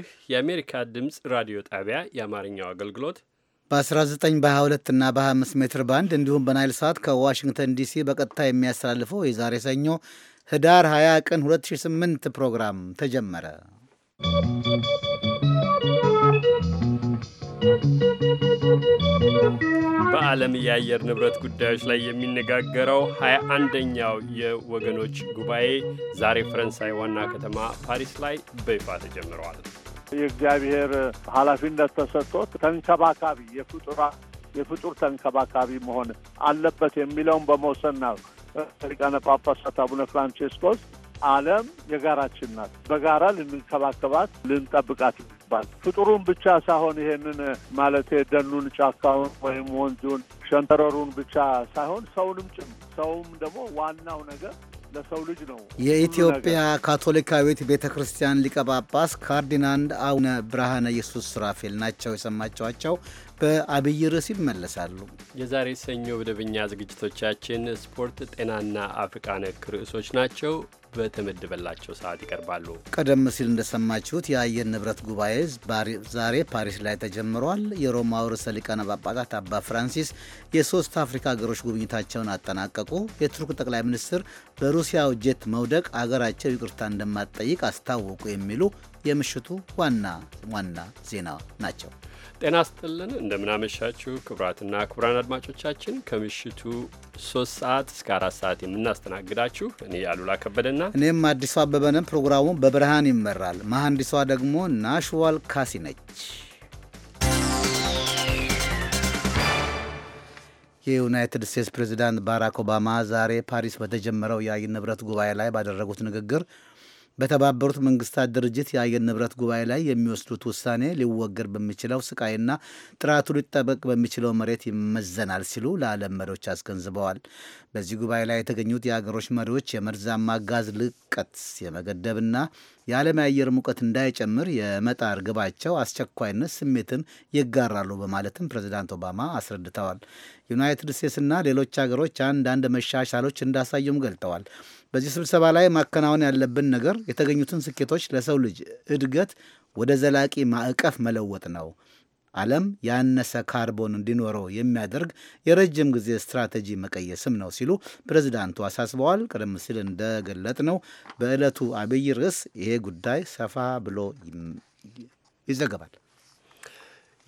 ይህ የአሜሪካ ድምፅ ራዲዮ ጣቢያ የአማርኛው አገልግሎት በ19 በ22 እና በ25 ሜትር ባንድ እንዲሁም በናይል ሰዓት ከዋሽንግተን ዲሲ በቀጥታ የሚያስተላልፈው የዛሬ ሰኞ ህዳር 20 ቀን 2008 ፕሮግራም ተጀመረ። በዓለም የአየር ንብረት ጉዳዮች ላይ የሚነጋገረው 21ኛው የወገኖች ጉባኤ ዛሬ ፈረንሳይ ዋና ከተማ ፓሪስ ላይ በይፋ ተጀምረዋል። የእግዚአብሔር ኃላፊነት ተሰጥቶት ተንከባካቢ የፍጡራ የፍጡር ተንከባካቢ መሆን አለበት የሚለውን በመወሰን ነው። ሊቃነ ጳጳሳት አቡነ ፍራንቼስኮስ ዓለም የጋራችን ናት፣ በጋራ ልንከባከባት ልንጠብቃት ይባል። ፍጡሩን ብቻ ሳይሆን ይሄንን ማለት ደኑን፣ ጫካውን፣ ወይም ወንዙን፣ ሸንተረሩን ብቻ ሳይሆን ሰውንም ጭም ሰውም ደግሞ ዋናው ነገር ለሰው ልጅ ነው። የኢትዮጵያ ካቶሊካዊት ቤተ ክርስቲያን ሊቀ ጳጳስ ካርዲናል አቡነ ብርሃነ ኢየሱስ ሱራፌል ናቸው የሰማችኋቸው። በአብይ ርዕስ ይመለሳሉ። የዛሬ ሰኞ መደበኛ ዝግጅቶቻችን ስፖርት፣ ጤናና አፍሪቃ ነክ ርዕሶች ናቸው። በተመደበላቸው ሰዓት ይቀርባሉ። ቀደም ሲል እንደሰማችሁት የአየር ንብረት ጉባኤ ዛሬ ፓሪስ ላይ ተጀምሯል። የሮማው ርዕሰ ሊቃነ ጳጳሳት አባ ፍራንሲስ የሶስት አፍሪካ ሀገሮች ጉብኝታቸውን አጠናቀቁ። የቱርክ ጠቅላይ ሚኒስትር በሩሲያው ጄት መውደቅ አገራቸው ይቅርታ እንደማትጠይቅ አስታወቁ። የሚሉ የምሽቱ ዋና ዋና ዜና ናቸው። ጤና ስጥልን እንደምናመሻችሁ ክቡራትና ክቡራን አድማጮቻችን ከምሽቱ ሶስት ሰዓት እስከ አራት ሰዓት የምናስተናግዳችሁ እኔ አሉላ ከበደና እኔም አዲሱ አበበነን ፕሮግራሙ በብርሃን ይመራል። መሐንዲሷ ደግሞ ናሽዋል ካሲ ነች። የዩናይትድ ስቴትስ ፕሬዚዳንት ባራክ ኦባማ ዛሬ ፓሪስ በተጀመረው የአየር ንብረት ጉባኤ ላይ ባደረጉት ንግግር በተባበሩት መንግስታት ድርጅት የአየር ንብረት ጉባኤ ላይ የሚወስዱት ውሳኔ ሊወገድ በሚችለው ስቃይና ጥራቱ ሊጠበቅ በሚችለው መሬት ይመዘናል ሲሉ ለዓለም መሪዎች አስገንዝበዋል። በዚህ ጉባኤ ላይ የተገኙት የአገሮች መሪዎች የመርዛማ ጋዝ ልቀት የመገደብና የዓለም የአየር ሙቀት እንዳይጨምር የመጣር ግባቸው አስቸኳይነት ስሜትን ይጋራሉ በማለትም ፕሬዚዳንት ኦባማ አስረድተዋል። ዩናይትድ ስቴትስና ሌሎች ሀገሮች አንዳንድ መሻሻሎች እንዳሳዩም ገልጠዋል። በዚህ ስብሰባ ላይ ማከናወን ያለብን ነገር የተገኙትን ስኬቶች ለሰው ልጅ እድገት ወደ ዘላቂ ማዕቀፍ መለወጥ ነው። ዓለም ያነሰ ካርቦን እንዲኖረው የሚያደርግ የረጅም ጊዜ ስትራቴጂ መቀየስም ነው ሲሉ ፕሬዚዳንቱ አሳስበዋል። ቀደም ሲል እንደገለጥ ነው በዕለቱ አብይ ርዕስ ይሄ ጉዳይ ሰፋ ብሎ ይዘገባል።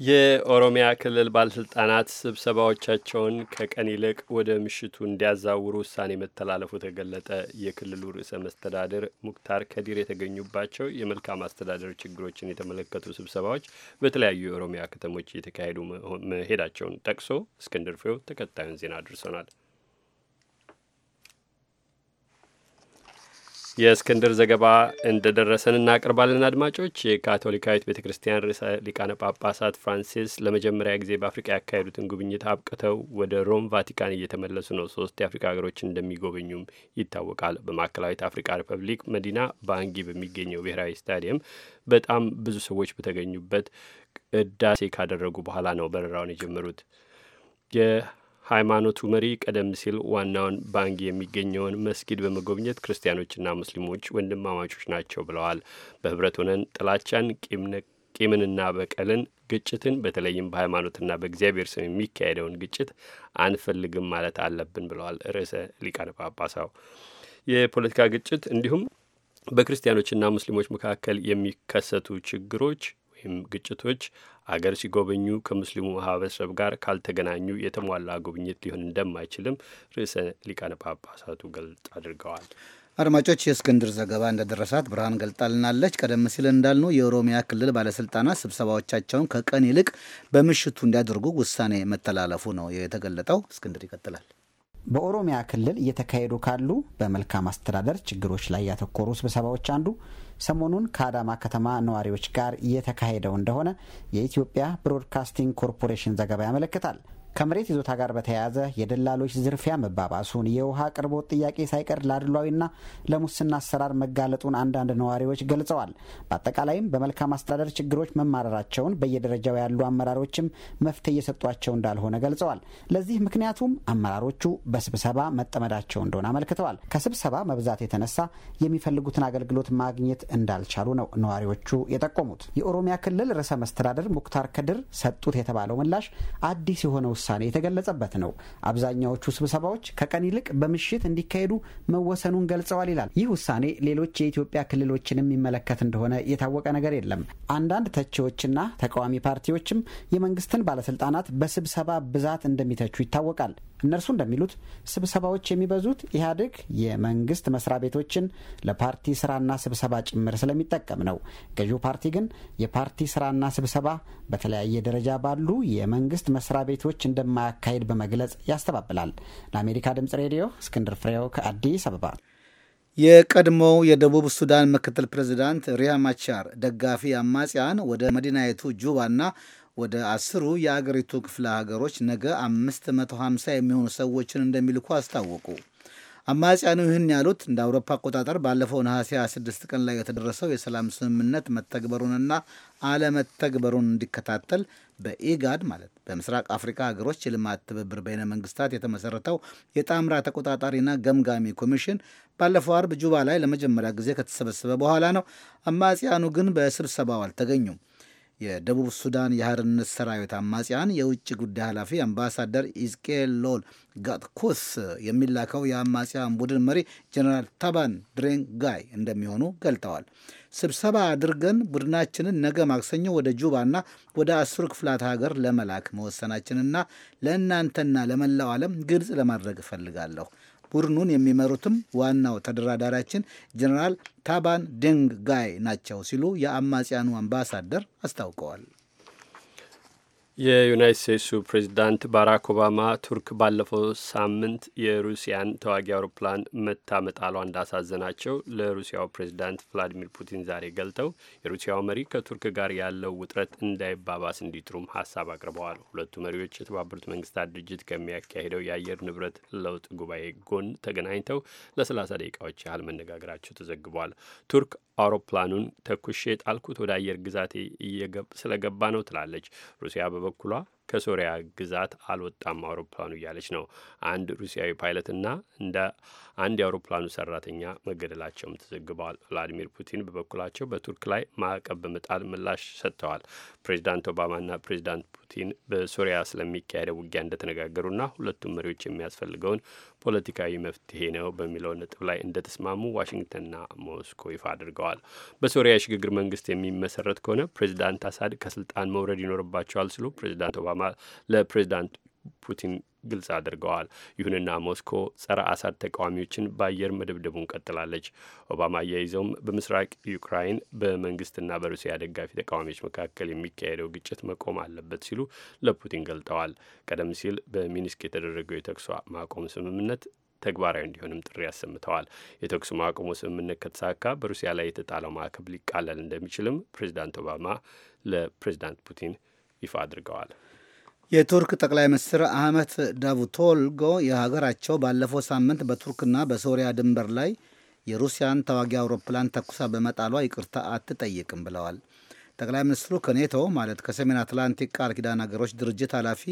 የኦሮሚያ ክልል ባለስልጣናት ስብሰባዎቻቸውን ከቀን ይልቅ ወደ ምሽቱ እንዲያዛውሩ ውሳኔ መተላለፉ ተገለጠ። የክልሉ ርዕሰ መስተዳድር ሙክታር ከዲር የተገኙባቸው የመልካም አስተዳደር ችግሮችን የተመለከቱ ስብሰባዎች በተለያዩ የኦሮሚያ ከተሞች እየተካሄዱ መሄዳቸውን ጠቅሶ እስክንድር ፍሬው ተከታዩን ዜና አድርሶናል። የእስክንድር ዘገባ እንደደረሰን እናቀርባለን። አድማጮች የካቶሊካዊት ቤተ ክርስቲያን ርዕሰ ሊቃነ ጳጳሳት ፍራንሲስ ለመጀመሪያ ጊዜ በአፍሪቃ ያካሄዱትን ጉብኝት አብቅተው ወደ ሮም ቫቲካን እየተመለሱ ነው። ሶስት የአፍሪካ ሀገሮች እንደሚጎበኙም ይታወቃል። በማዕከላዊት አፍሪካ ሪፐብሊክ መዲና ባንጊ በሚገኘው ብሔራዊ ስታዲየም በጣም ብዙ ሰዎች በተገኙበት ቅዳሴ ካደረጉ በኋላ ነው በረራውን የጀመሩት። ሃይማኖቱ መሪ ቀደም ሲል ዋናውን ባንግ የሚገኘውን መስጊድ በመጎብኘት ክርስቲያኖችና ሙስሊሞች ወንድማማቾች ናቸው ብለዋል። በህብረት ሆነን ጥላቻን፣ ቂምንና በቀልን፣ ግጭትን በተለይም በሃይማኖትና በእግዚአብሔር ስም የሚካሄደውን ግጭት አንፈልግም ማለት አለብን ብለዋል ርዕሰ ሊቃነ ጳጳሳው። የፖለቲካ ግጭት እንዲሁም በክርስቲያኖችና ሙስሊሞች መካከል የሚከሰቱ ችግሮች ወይም ግጭቶች አገር ሲጎበኙ ከሙስሊሙ ማህበረሰብ ጋር ካልተገናኙ የተሟላ ጉብኝት ሊሆን እንደማይችልም ርዕሰ ሊቃነ ጳጳሳቱ ገልጥ አድርገዋል። አድማጮች፣ የእስክንድር ዘገባ እንደደረሳት ብርሃን ገልጣልናለች። ቀደም ሲል እንዳልነው የኦሮሚያ ክልል ባለስልጣናት ስብሰባዎቻቸውን ከቀን ይልቅ በምሽቱ እንዲያደርጉ ውሳኔ መተላለፉ ነው የተገለጠው። እስክንድር ይቀጥላል። በኦሮሚያ ክልል እየተካሄዱ ካሉ በመልካም አስተዳደር ችግሮች ላይ ያተኮሩ ስብሰባዎች አንዱ ሰሞኑን ከአዳማ ከተማ ነዋሪዎች ጋር እየተካሄደው እንደሆነ የኢትዮጵያ ብሮድካስቲንግ ኮርፖሬሽን ዘገባ ያመለክታል። ከመሬት ይዞታ ጋር በተያያዘ የደላሎች ዝርፊያ መባባሱን፣ የውሃ አቅርቦት ጥያቄ ሳይቀር ለአድሏዊና ለሙስና አሰራር መጋለጡን አንዳንድ ነዋሪዎች ገልጸዋል። በአጠቃላይም በመልካም አስተዳደር ችግሮች መማረራቸውን በየደረጃው ያሉ አመራሮችም መፍትሄ እየሰጧቸው እንዳልሆነ ገልጸዋል። ለዚህ ምክንያቱም አመራሮቹ በስብሰባ መጠመዳቸው እንደሆነ አመልክተዋል። ከስብሰባ መብዛት የተነሳ የሚፈልጉትን አገልግሎት ማግኘት እንዳልቻሉ ነው ነዋሪዎቹ የጠቆሙት። የኦሮሚያ ክልል ርዕሰ መስተዳደር ሙክታር ከድር ሰጡት የተባለው ምላሽ አዲስ የሆነው ውሳኔ የተገለጸበት ነው። አብዛኛዎቹ ስብሰባዎች ከቀን ይልቅ በምሽት እንዲካሄዱ መወሰኑን ገልጸዋል ይላል። ይህ ውሳኔ ሌሎች የኢትዮጵያ ክልሎችን የሚመለከት እንደሆነ የታወቀ ነገር የለም። አንዳንድ ተቺዎችና ተቃዋሚ ፓርቲዎችም የመንግስትን ባለስልጣናት በስብሰባ ብዛት እንደሚተቹ ይታወቃል። እነርሱ እንደሚሉት ስብሰባዎች የሚበዙት ኢህአዴግ የመንግስት መስሪያ ቤቶችን ለፓርቲ ስራና ስብሰባ ጭምር ስለሚጠቀም ነው። ገዢው ፓርቲ ግን የፓርቲ ስራና ስብሰባ በተለያየ ደረጃ ባሉ የመንግስት መስሪያ ቤቶች እንደማያካሄድ በመግለጽ ያስተባብላል። ለአሜሪካ ድምጽ ሬዲዮ እስክንድር ፍሬው ከአዲስ አበባ። የቀድሞው የደቡብ ሱዳን ምክትል ፕሬዚዳንት ሪያ ማቻር ደጋፊ አማጽያን ወደ መዲናይቱ ጁባና ወደ አስሩ የአገሪቱ ክፍለ ሀገሮች ነገ 550 የሚሆኑ ሰዎችን እንደሚልኩ አስታወቁ። አማጽያኑ ይህን ያሉት እንደ አውሮፓ አቆጣጠር ባለፈው ነሐሴ 26 ቀን ላይ የተደረሰው የሰላም ስምምነት መተግበሩንና አለመተግበሩን እንዲከታተል በኢጋድ ማለት በምስራቅ አፍሪካ ሀገሮች የልማት ትብብር በይነ መንግስታት የተመሰረተው የጣምራ ተቆጣጣሪና ገምጋሚ ኮሚሽን ባለፈው አርብ ጁባ ላይ ለመጀመሪያ ጊዜ ከተሰበሰበ በኋላ ነው። አማጽያኑ ግን በስብሰባው አልተገኙም። የደቡብ ሱዳን የሀርነት ሰራዊት አማጽያን የውጭ ጉዳይ ኃላፊ አምባሳደር ኢዝቄል ሎል ጋትኩስ የሚላከው የአማጽያን ቡድን መሪ ጀነራል ታባን ድሬን ጋይ እንደሚሆኑ ገልጠዋል። ስብሰባ አድርገን ቡድናችንን ነገ ማክሰኞ ወደ ጁባና ወደ አስሩ ክፍላት ሀገር ለመላክ መወሰናችንና ለእናንተና ለመላው ዓለም ግልጽ ለማድረግ እፈልጋለሁ። ቡድኑን የሚመሩትም ዋናው ተደራዳሪያችን ጀኔራል ታባን ደንግ ጋይ ናቸው ሲሉ የአማጽያኑ አምባሳደር አስታውቀዋል። የዩናይት ስቴትሱ ፕሬዚዳንት ባራክ ኦባማ ቱርክ ባለፈው ሳምንት የሩሲያን ተዋጊ አውሮፕላን መታ መጣሏ እንዳሳዘናቸው ለሩሲያው ፕሬዚዳንት ቭላዲሚር ፑቲን ዛሬ ገልጠው የሩሲያው መሪ ከቱርክ ጋር ያለው ውጥረት እንዳይባባስ እንዲጥሩም ሀሳብ አቅርበዋል። ሁለቱ መሪዎች የተባበሩት መንግስታት ድርጅት ከሚያካሄደው የአየር ንብረት ለውጥ ጉባኤ ጎን ተገናኝተው ለሰላሳ ደቂቃዎች ያህል መነጋገራቸው ተዘግቧል። ቱርክ አውሮፕላኑን ተኩሼ ጣልኩት ወደ አየር ግዛቴ ስለገባ ነው ትላለች። ሩሲያ በበኩሏ ከሶሪያ ግዛት አልወጣም አውሮፕላኑ እያለች ነው። አንድ ሩሲያዊ ፓይለትና እንደ አንድ የአውሮፕላኑ ሰራተኛ መገደላቸውም ተዘግበዋል። ቭላዲሚር ፑቲን በበኩላቸው በቱርክ ላይ ማዕቀብ በመጣል ምላሽ ሰጥተዋል። ፕሬዚዳንት ኦባማና ፕሬዚዳንት ፑቲን በሶሪያ ስለሚካሄደው ውጊያ እንደተነጋገሩና ሁለቱም መሪዎች የሚያስፈልገውን ፖለቲካዊ መፍትሄ ነው በሚለው ነጥብ ላይ እንደተስማሙ ዋሽንግተንና ሞስኮ ይፋ አድርገዋል። በሶሪያ የሽግግር መንግስት የሚመሰረት ከሆነ ፕሬዚዳንት አሳድ ከስልጣን መውረድ ይኖርባቸዋል ሲሉ ፕሬዚዳንት ኦባማ ለፕሬዚዳንት ፑቲን ግልጽ አድርገዋል። ይሁንና ሞስኮ ጸረ አሳድ ተቃዋሚዎችን በአየር መደብደቡን ቀጥላለች። ኦባማ አያይዘውም በምስራቅ ዩክራይን በመንግስትና በሩሲያ ደጋፊ ተቃዋሚዎች መካከል የሚካሄደው ግጭት መቆም አለበት ሲሉ ለፑቲን ገልጠዋል። ቀደም ሲል በሚኒስክ የተደረገው የተኩስ ማቆም ስምምነት ተግባራዊ እንዲሆንም ጥሪ አሰምተዋል። የተኩስ ማቆሙ ስምምነት ከተሳካ በሩሲያ ላይ የተጣለው ማዕቀብ ሊቃለል እንደሚችልም ፕሬዚዳንት ኦባማ ለፕሬዚዳንት ፑቲን ይፋ አድርገዋል። የቱርክ ጠቅላይ ሚኒስትር አህመት ዳቡቶልጎ የሀገራቸው ባለፈው ሳምንት በቱርክና በሶሪያ ድንበር ላይ የሩሲያን ተዋጊ አውሮፕላን ተኩሳ በመጣሏ ይቅርታ አትጠይቅም ብለዋል። ጠቅላይ ሚኒስትሩ ከኔቶ ማለት ከሰሜን አትላንቲክ ቃል ኪዳን ሀገሮች ድርጅት ኃላፊ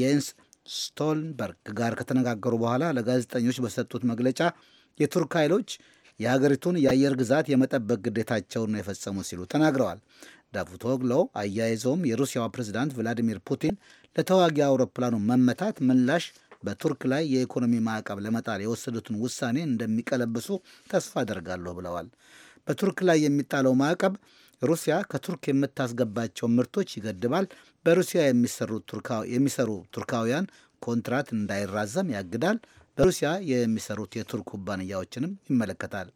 የንስ ስቶልንበርግ ጋር ከተነጋገሩ በኋላ ለጋዜጠኞች በሰጡት መግለጫ የቱርክ ኃይሎች የሀገሪቱን የአየር ግዛት የመጠበቅ ግዴታቸውን ነው የፈጸሙ ሲሉ ተናግረዋል። ዳቡቶግሎ አያይዘውም የሩሲያዋ ፕሬዚዳንት ቭላዲሚር ፑቲን ለተዋጊ አውሮፕላኑ መመታት ምላሽ በቱርክ ላይ የኢኮኖሚ ማዕቀብ ለመጣል የወሰዱትን ውሳኔ እንደሚቀለብሱ ተስፋ አደርጋለሁ ብለዋል። በቱርክ ላይ የሚጣለው ማዕቀብ ሩሲያ ከቱርክ የምታስገባቸው ምርቶች ይገድባል፣ በሩሲያ የሚሰሩ ቱርካውያን ኮንትራት እንዳይራዘም ያግዳል፣ በሩሲያ የሚሰሩት የቱርክ ኩባንያዎችንም ይመለከታል።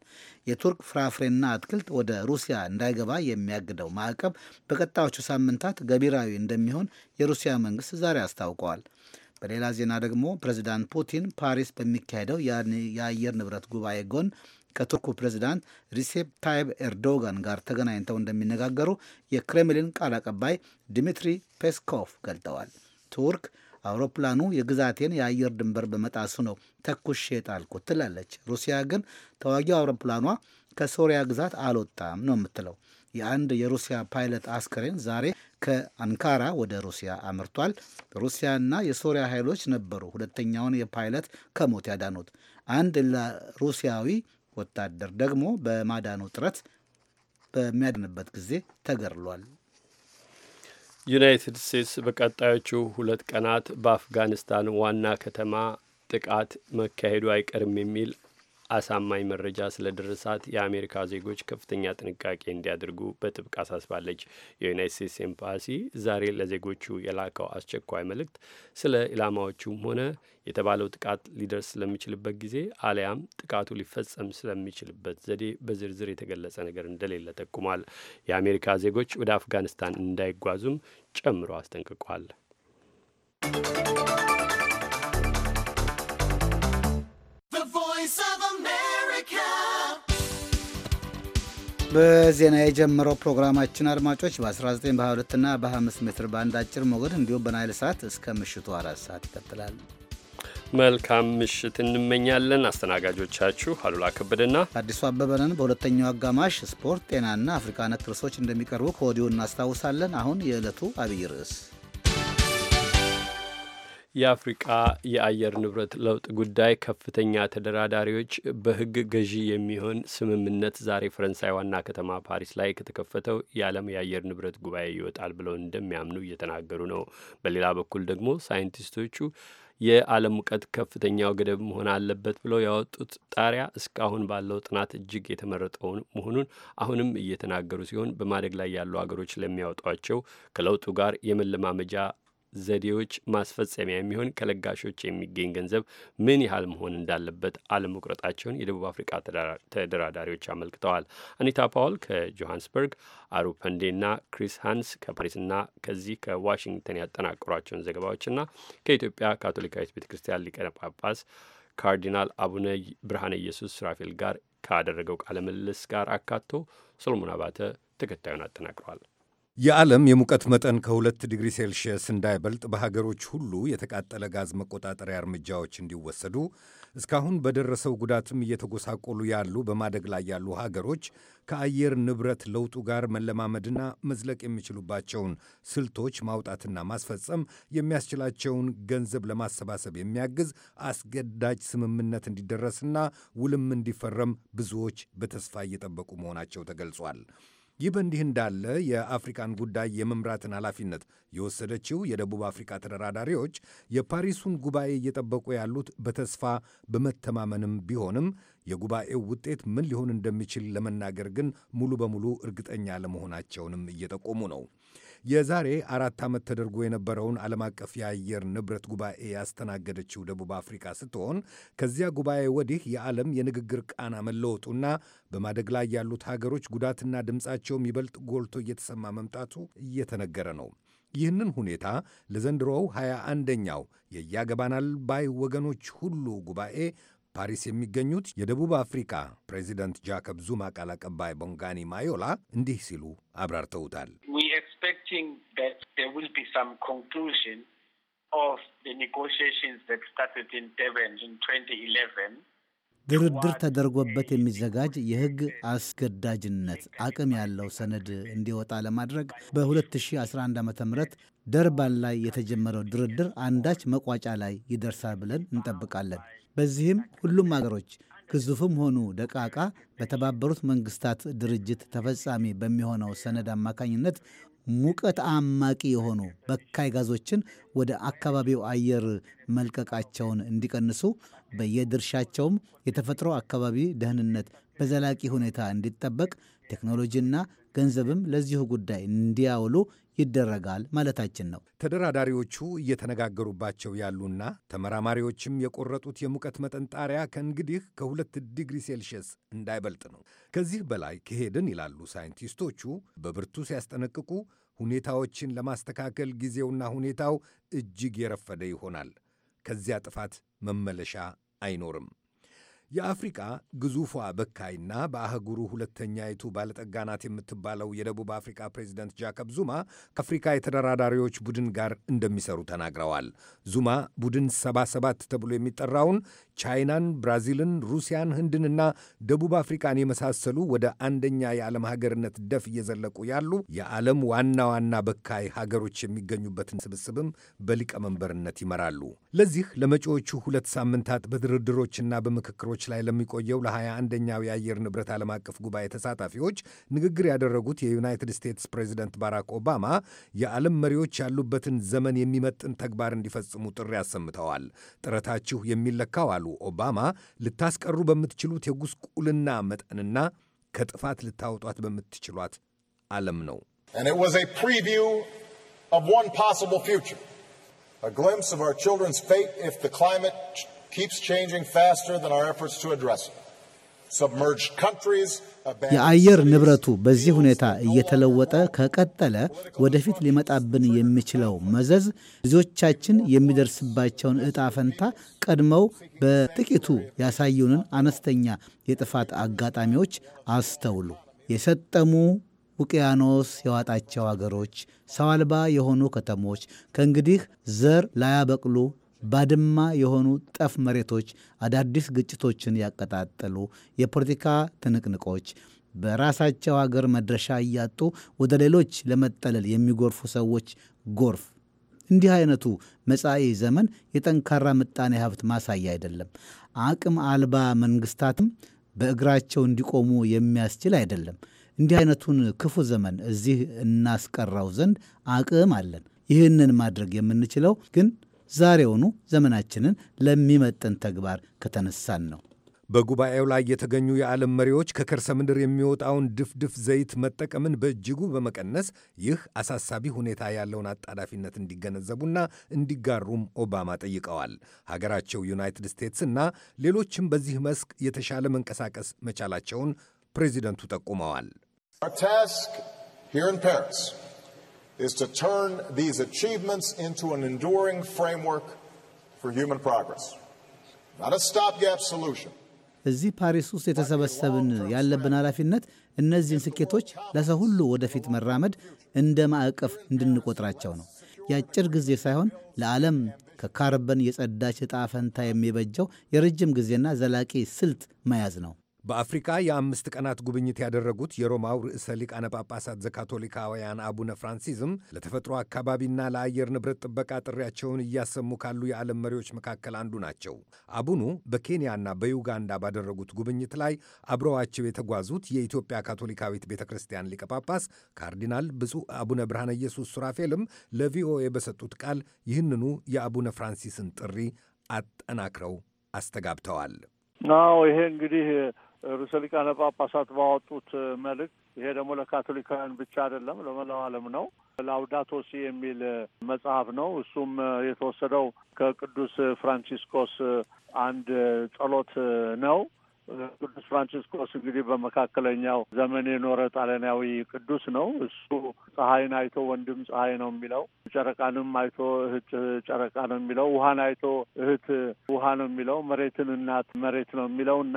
የቱርክ ፍራፍሬና አትክልት ወደ ሩሲያ እንዳይገባ የሚያግደው ማዕቀብ በቀጣዮቹ ሳምንታት ገቢራዊ እንደሚሆን የሩሲያ መንግስት ዛሬ አስታውቀዋል። በሌላ ዜና ደግሞ ፕሬዚዳንት ፑቲን ፓሪስ በሚካሄደው የአየር ንብረት ጉባኤ ጎን ከቱርኩ ፕሬዚዳንት ሪሴፕ ታይብ ኤርዶጋን ጋር ተገናኝተው እንደሚነጋገሩ የክሬምሊን ቃል አቀባይ ድሚትሪ ፔስኮቭ ገልጠዋል። ቱርክ አውሮፕላኑ የግዛቴን የአየር ድንበር በመጣሱ ነው ተኩሽ የጣልኩት ትላለች። ሩሲያ ግን ተዋጊው አውሮፕላኗ ከሶሪያ ግዛት አልወጣም ነው የምትለው። የአንድ የሩሲያ ፓይለት አስክሬን ዛሬ ከአንካራ ወደ ሩሲያ አምርቷል። ሩሲያና የሶሪያ ኃይሎች ነበሩ ሁለተኛውን የፓይለት ከሞት ያዳኑት። አንድ ሩሲያዊ ወታደር ደግሞ በማዳኑ ጥረት በሚያድንበት ጊዜ ተገድሏል። ዩናይትድ ስቴትስ በቀጣዮቹ ሁለት ቀናት በአፍጋኒስታን ዋና ከተማ ጥቃት መካሄዱ አይቀርም የሚል አሳማኝ መረጃ ስለ ድርሳት የአሜሪካ ዜጎች ከፍተኛ ጥንቃቄ እንዲያደርጉ በጥብቅ አሳስባለች። የዩናይት ስቴትስ ኤምባሲ ዛሬ ለዜጎቹ የላከው አስቸኳይ መልእክት ስለ ኢላማዎቹም ሆነ የተባለው ጥቃት ሊደርስ ስለሚችልበት ጊዜ አሊያም ጥቃቱ ሊፈጸም ስለሚችልበት ዘዴ በዝርዝር የተገለጸ ነገር እንደሌለ ጠቁሟል። የአሜሪካ ዜጎች ወደ አፍጋኒስታን እንዳይጓዙም ጨምሮ አስጠንቅቋል። በዜና የጀመረው ፕሮግራማችን አድማጮች በ19 በ22 ና በ25 ሜትር ባንድ አጭር ሞገድ እንዲሁም በናይል ሰዓት እስከ ምሽቱ አራት ሰዓት ይቀጥላል። መልካም ምሽት እንመኛለን። አስተናጋጆቻችሁ አሉላ ከበደና አዲሱ አበበንን። በሁለተኛው አጋማሽ ስፖርት፣ ጤናና አፍሪካ ነክ ርዕሶች እንደሚቀርቡ ከወዲሁ እናስታውሳለን። አሁን የዕለቱ አብይ ርዕስ የአፍሪቃ የአየር ንብረት ለውጥ ጉዳይ ከፍተኛ ተደራዳሪዎች በሕግ ገዢ የሚሆን ስምምነት ዛሬ ፈረንሳይ ዋና ከተማ ፓሪስ ላይ ከተከፈተው የዓለም የአየር ንብረት ጉባኤ ይወጣል ብለው እንደሚያምኑ እየተናገሩ ነው። በሌላ በኩል ደግሞ ሳይንቲስቶቹ የዓለም ሙቀት ከፍተኛው ገደብ መሆን አለበት ብለው ያወጡት ጣሪያ እስካሁን ባለው ጥናት እጅግ የተመረጠውን መሆኑን አሁንም እየተናገሩ ሲሆን በማደግ ላይ ያሉ ሀገሮች ለሚያወጧቸው ከለውጡ ጋር የመለማመጃ ዘዴዎች ማስፈጸሚያ የሚሆን ከለጋሾች የሚገኝ ገንዘብ ምን ያህል መሆን እንዳለበት አለመቁረጣቸውን የደቡብ አፍሪካ ተደራዳሪዎች አመልክተዋል። አኒታ ፓውል ከጆሃንስበርግ፣ አሩ ፐንዴና ክሪስ ሃንስ ከፓሪስና ከዚህ ከዋሽንግተን ያጠናቀሯቸውን ዘገባዎችና ከኢትዮጵያ ካቶሊካዊት ቤተ ክርስቲያን ሊቀነ ጳጳስ ካርዲናል አቡነ ብርሃነ ኢየሱስ ስራፌል ጋር ካደረገው ቃለ ምልልስ ጋር አካቶ ሰሎሞን አባተ ተከታዩን አጠናቅረዋል። የዓለም የሙቀት መጠን ከሁለት ዲግሪ ሴልሺየስ እንዳይበልጥ በሀገሮች ሁሉ የተቃጠለ ጋዝ መቆጣጠሪያ እርምጃዎች እንዲወሰዱ እስካሁን በደረሰው ጉዳትም እየተጎሳቆሉ ያሉ በማደግ ላይ ያሉ ሀገሮች ከአየር ንብረት ለውጡ ጋር መለማመድና መዝለቅ የሚችሉባቸውን ስልቶች ማውጣትና ማስፈጸም የሚያስችላቸውን ገንዘብ ለማሰባሰብ የሚያግዝ አስገዳጅ ስምምነት እንዲደረስና ውልም እንዲፈረም ብዙዎች በተስፋ እየጠበቁ መሆናቸው ተገልጿል። ይህ በእንዲህ እንዳለ የአፍሪካን ጉዳይ የመምራትን ኃላፊነት የወሰደችው የደቡብ አፍሪካ ተደራዳሪዎች የፓሪሱን ጉባኤ እየጠበቁ ያሉት በተስፋ በመተማመንም ቢሆንም የጉባኤው ውጤት ምን ሊሆን እንደሚችል ለመናገር ግን ሙሉ በሙሉ እርግጠኛ ለመሆናቸውንም እየጠቆሙ ነው። የዛሬ አራት ዓመት ተደርጎ የነበረውን ዓለም አቀፍ የአየር ንብረት ጉባኤ ያስተናገደችው ደቡብ አፍሪካ ስትሆን ከዚያ ጉባኤ ወዲህ የዓለም የንግግር ቃና መለወጡና በማደግ ላይ ያሉት ሀገሮች ጉዳትና ድምፃቸውም ይበልጥ ጎልቶ እየተሰማ መምጣቱ እየተነገረ ነው። ይህንን ሁኔታ ለዘንድሮው ሃያ አንደኛው የያገባናል ባይ ወገኖች ሁሉ ጉባኤ ፓሪስ የሚገኙት የደቡብ አፍሪካ ፕሬዚደንት ጃከብ ዙማ ቃል አቀባይ ቦንጋኒ ማዮላ እንዲህ ሲሉ አብራርተውታል። ድርድር ተደርጎበት የሚዘጋጅ የሕግ አስገዳጅነት አቅም ያለው ሰነድ እንዲወጣ ለማድረግ በ2011 ዓ ም ደርባን ላይ የተጀመረው ድርድር አንዳች መቋጫ ላይ ይደርሳል ብለን እንጠብቃለን። በዚህም ሁሉም አገሮች ግዙፍም ሆኑ ደቃቃ በተባበሩት መንግስታት ድርጅት ተፈጻሚ በሚሆነው ሰነድ አማካኝነት ሙቀት አማቂ የሆኑ በካይ ጋዞችን ወደ አካባቢው አየር መልቀቃቸውን እንዲቀንሱ በየድርሻቸውም የተፈጥሮ አካባቢ ደህንነት በዘላቂ ሁኔታ እንዲጠበቅ ቴክኖሎጂና ገንዘብም ለዚሁ ጉዳይ እንዲያውሉ ይደረጋል ማለታችን ነው። ተደራዳሪዎቹ እየተነጋገሩባቸው ያሉና ተመራማሪዎችም የቆረጡት የሙቀት መጠን ጣሪያ ከእንግዲህ ከሁለት ዲግሪ ሴልሺየስ እንዳይበልጥ ነው። ከዚህ በላይ ከሄድን ይላሉ ሳይንቲስቶቹ በብርቱ ሲያስጠነቅቁ፣ ሁኔታዎችን ለማስተካከል ጊዜውና ሁኔታው እጅግ የረፈደ ይሆናል። ከዚያ ጥፋት መመለሻ አይኖርም። የአፍሪቃ ግዙፏ በካይና በአህጉሩ ሁለተኛይቱ ባለጠጋ ናት የምትባለው የደቡብ አፍሪካ ፕሬዚደንት ጃከብ ዙማ ከአፍሪካ የተደራዳሪዎች ቡድን ጋር እንደሚሰሩ ተናግረዋል። ዙማ ቡድን 77 ተብሎ የሚጠራውን ቻይናን፣ ብራዚልን፣ ሩሲያን፣ ህንድንና ደቡብ አፍሪካን የመሳሰሉ ወደ አንደኛ የዓለም ሀገርነት ደፍ እየዘለቁ ያሉ የዓለም ዋና ዋና በካይ ሀገሮች የሚገኙበትን ስብስብም በሊቀመንበርነት ይመራሉ። ለዚህ ለመጪዎቹ ሁለት ሳምንታት በድርድሮችና በምክክሮች በሀገሮች ላይ ለሚቆየው ለ21ኛው የአየር ንብረት ዓለም አቀፍ ጉባኤ ተሳታፊዎች ንግግር ያደረጉት የዩናይትድ ስቴትስ ፕሬዚደንት ባራክ ኦባማ የዓለም መሪዎች ያሉበትን ዘመን የሚመጥን ተግባር እንዲፈጽሙ ጥሪ አሰምተዋል። ጥረታችሁ የሚለካው አሉ ኦባማ፣ ልታስቀሩ በምትችሉት የጉስቁልና መጠንና ከጥፋት ልታወጧት በምትችሏት ዓለም ነው። glimpse of our children's fate if the climate የአየር ንብረቱ በዚህ ሁኔታ እየተለወጠ ከቀጠለ ወደፊት ሊመጣብን የሚችለው መዘዝ ልጆቻችን የሚደርስባቸውን እጣ ፈንታ ቀድመው በጥቂቱ ያሳዩንን አነስተኛ የጥፋት አጋጣሚዎች አስተውሉ። የሰጠሙ ውቅያኖስ የዋጣቸው አገሮች፣ ሰው አልባ የሆኑ ከተሞች ከእንግዲህ ዘር ላያበቅሉ ባድማ የሆኑ ጠፍ መሬቶች፣ አዳዲስ ግጭቶችን ያቀጣጠሉ የፖለቲካ ትንቅንቆች፣ በራሳቸው ሀገር መድረሻ እያጡ ወደ ሌሎች ለመጠለል የሚጎርፉ ሰዎች ጎርፍ እንዲህ አይነቱ መጻኢ ዘመን የጠንካራ ምጣኔ ሀብት ማሳያ አይደለም። አቅም አልባ መንግስታትም በእግራቸው እንዲቆሙ የሚያስችል አይደለም። እንዲህ አይነቱን ክፉ ዘመን እዚህ እናስቀራው ዘንድ አቅም አለን። ይህንን ማድረግ የምንችለው ግን ዛሬውኑ ዘመናችንን ለሚመጥን ተግባር ከተነሳን ነው። በጉባኤው ላይ የተገኙ የዓለም መሪዎች ከከርሰ ምድር የሚወጣውን ድፍድፍ ዘይት መጠቀምን በእጅጉ በመቀነስ ይህ አሳሳቢ ሁኔታ ያለውን አጣዳፊነት እንዲገነዘቡና እንዲጋሩም ኦባማ ጠይቀዋል። ሀገራቸው ዩናይትድ እና ሌሎችም በዚህ መስክ የተሻለ መንቀሳቀስ መቻላቸውን ፕሬዚደንቱ ጠቁመዋል። is to turn these achievements into an enduring framework for human progress, not a stopgap solution. እዚህ ፓሪስ ውስጥ የተሰበሰብን ያለብን ኃላፊነት እነዚህን ስኬቶች ለሰው ሁሉ ወደፊት መራመድ እንደ ማዕቀፍ እንድንቆጥራቸው ነው። የአጭር ጊዜ ሳይሆን ለዓለም ከካርበን የጸዳች ዕጣ ፈንታ የሚበጀው የረጅም ጊዜና ዘላቂ ስልት መያዝ ነው። በአፍሪካ የአምስት ቀናት ጉብኝት ያደረጉት የሮማው ርዕሰ ሊቃነ ጳጳሳት ዘካቶሊካውያን አቡነ ፍራንሲዝም ለተፈጥሮ አካባቢና ለአየር ንብረት ጥበቃ ጥሪያቸውን እያሰሙ ካሉ የዓለም መሪዎች መካከል አንዱ ናቸው። አቡኑ በኬንያና በዩጋንዳ ባደረጉት ጉብኝት ላይ አብረዋቸው የተጓዙት የኢትዮጵያ ካቶሊካዊት ቤተ ክርስቲያን ሊቀ ጳጳስ ካርዲናል ብፁዕ አቡነ ብርሃነ ኢየሱስ ሱራፌልም ለቪኦኤ በሰጡት ቃል ይህንኑ የአቡነ ፍራንሲስን ጥሪ አጠናክረው አስተጋብተዋል። ናው ይሄ እንግዲህ ርዕሰ ሊቃነ ጳጳሳት ባወጡት መልእክት ይሄ ደግሞ ለካቶሊካውያን ብቻ አይደለም፣ ለመላው ዓለም ነው። ላውዳቶሲ የሚል መጽሐፍ ነው። እሱም የተወሰደው ከቅዱስ ፍራንቺስኮስ አንድ ጸሎት ነው። ቅዱስ ፍራንቺስኮስ እንግዲህ በመካከለኛው ዘመን የኖረ ጣሊያናዊ ቅዱስ ነው። እሱ ፀሐይን አይቶ ወንድም ፀሐይ ነው የሚለው፣ ጨረቃንም አይቶ እህት ጨረቃ ነው የሚለው፣ ውሃን አይቶ እህት ውሃ ነው የሚለው፣ መሬትን እናት መሬት ነው የሚለው እና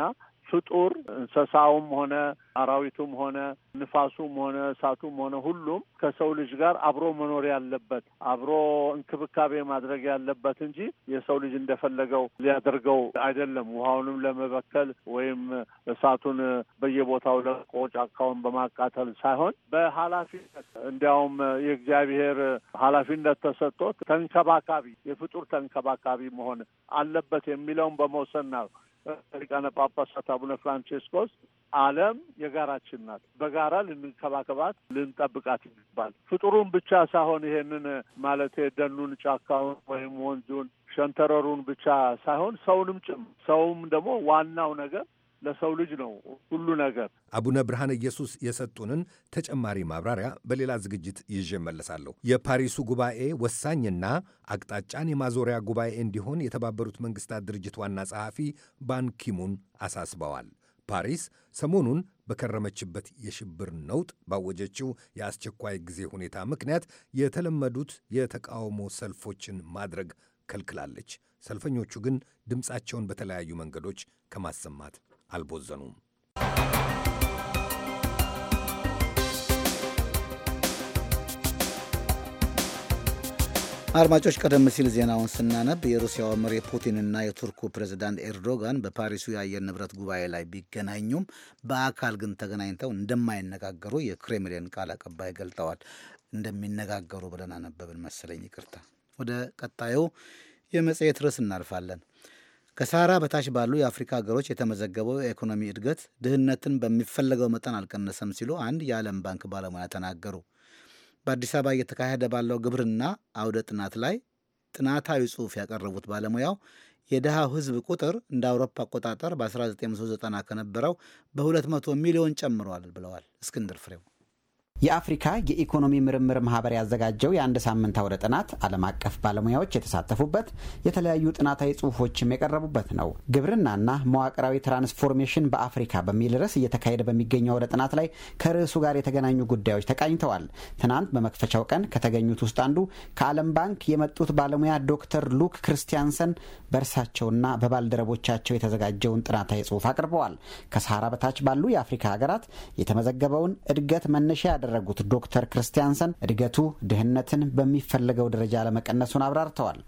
ፍጡር እንስሳውም ሆነ አራዊቱም ሆነ ንፋሱም ሆነ እሳቱም ሆነ ሁሉም ከሰው ልጅ ጋር አብሮ መኖር ያለበት አብሮ እንክብካቤ ማድረግ ያለበት እንጂ የሰው ልጅ እንደፈለገው ሊያደርገው አይደለም። ውሃውንም ለመበከል ወይም እሳቱን በየቦታው ለቆ ጫካውን በማቃተል ሳይሆን በኃላፊነት እንዲያውም የእግዚአብሔር ኃላፊነት ተሰጥቶት ተንከባካቢ የፍጡር ተንከባካቢ መሆን አለበት የሚለውን በመውሰን ነው ሊቃነ ጳጳሳት አቡነ ፍራንቼስኮስ ዓለም የጋራችን ናት። በጋራ ልንከባከባት፣ ልንጠብቃት ይባል። ፍጡሩን ብቻ ሳይሆን ይሄንን ማለት ደኑን፣ ጫካውን ወይም ወንዙን፣ ሸንተረሩን ብቻ ሳይሆን ሰውንም ጭም ሰውም ደግሞ ዋናው ነገር ለሰው ልጅ ነው ሁሉ ነገር። አቡነ ብርሃነ ኢየሱስ የሰጡንን ተጨማሪ ማብራሪያ በሌላ ዝግጅት ይዤ እመለሳለሁ። የፓሪሱ ጉባኤ ወሳኝና አቅጣጫን የማዞሪያ ጉባኤ እንዲሆን የተባበሩት መንግስታት ድርጅት ዋና ጸሐፊ ባንኪሙን አሳስበዋል። ፓሪስ ሰሞኑን በከረመችበት የሽብር ነውጥ ባወጀችው የአስቸኳይ ጊዜ ሁኔታ ምክንያት የተለመዱት የተቃውሞ ሰልፎችን ማድረግ ከልክላለች። ሰልፈኞቹ ግን ድምፃቸውን በተለያዩ መንገዶች ከማሰማት አልቦዘኑም። አድማጮች ቀደም ሲል ዜናውን ስናነብ የሩሲያው መሪ ፑቲንና የቱርኩ ፕሬዚዳንት ኤርዶጋን በፓሪሱ የአየር ንብረት ጉባኤ ላይ ቢገናኙም በአካል ግን ተገናኝተው እንደማይነጋገሩ የክሬምሊን ቃል አቀባይ ገልጠዋል። እንደሚነጋገሩ ብለን አነበብን መሰለኝ፣ ይቅርታ። ወደ ቀጣዩ የመጽሔት ርዕስ እናልፋለን። ከሳራ በታች ባሉ የአፍሪካ ሀገሮች የተመዘገበው የኢኮኖሚ እድገት ድህነትን በሚፈለገው መጠን አልቀነሰም ሲሉ አንድ የዓለም ባንክ ባለሙያ ተናገሩ። በአዲስ አበባ እየተካሄደ ባለው ግብርና አውደ ጥናት ላይ ጥናታዊ ጽሑፍ ያቀረቡት ባለሙያው የድሃው ህዝብ ቁጥር እንደ አውሮፓ አቆጣጠር በ1990 ከነበረው በ200 ሚሊዮን ጨምሯል ብለዋል። እስክንድር ፍሬው የአፍሪካ የኢኮኖሚ ምርምር ማህበር ያዘጋጀው የአንድ ሳምንት አውደ ጥናት ዓለም አቀፍ ባለሙያዎች የተሳተፉበት የተለያዩ ጥናታዊ ጽሁፎችም የቀረቡበት ነው። ግብርናና መዋቅራዊ ትራንስፎርሜሽን በአፍሪካ በሚል ርዕስ እየተካሄደ በሚገኘው አውደ ጥናት ላይ ከርዕሱ ጋር የተገናኙ ጉዳዮች ተቃኝተዋል። ትናንት በመክፈቻው ቀን ከተገኙት ውስጥ አንዱ ከዓለም ባንክ የመጡት ባለሙያ ዶክተር ሉክ ክርስቲያንሰን በእርሳቸውና በባልደረቦቻቸው የተዘጋጀውን ጥናታዊ ጽሁፍ አቅርበዋል። ከሰሃራ በታች ባሉ የአፍሪካ ሀገራት የተመዘገበውን እድገት መነሻ ያደረጉት ዶክተር ክርስቲያንሰን እድገቱ ድህነትን በሚፈለገው ደረጃ ለመቀነሱን አብራርተዋል።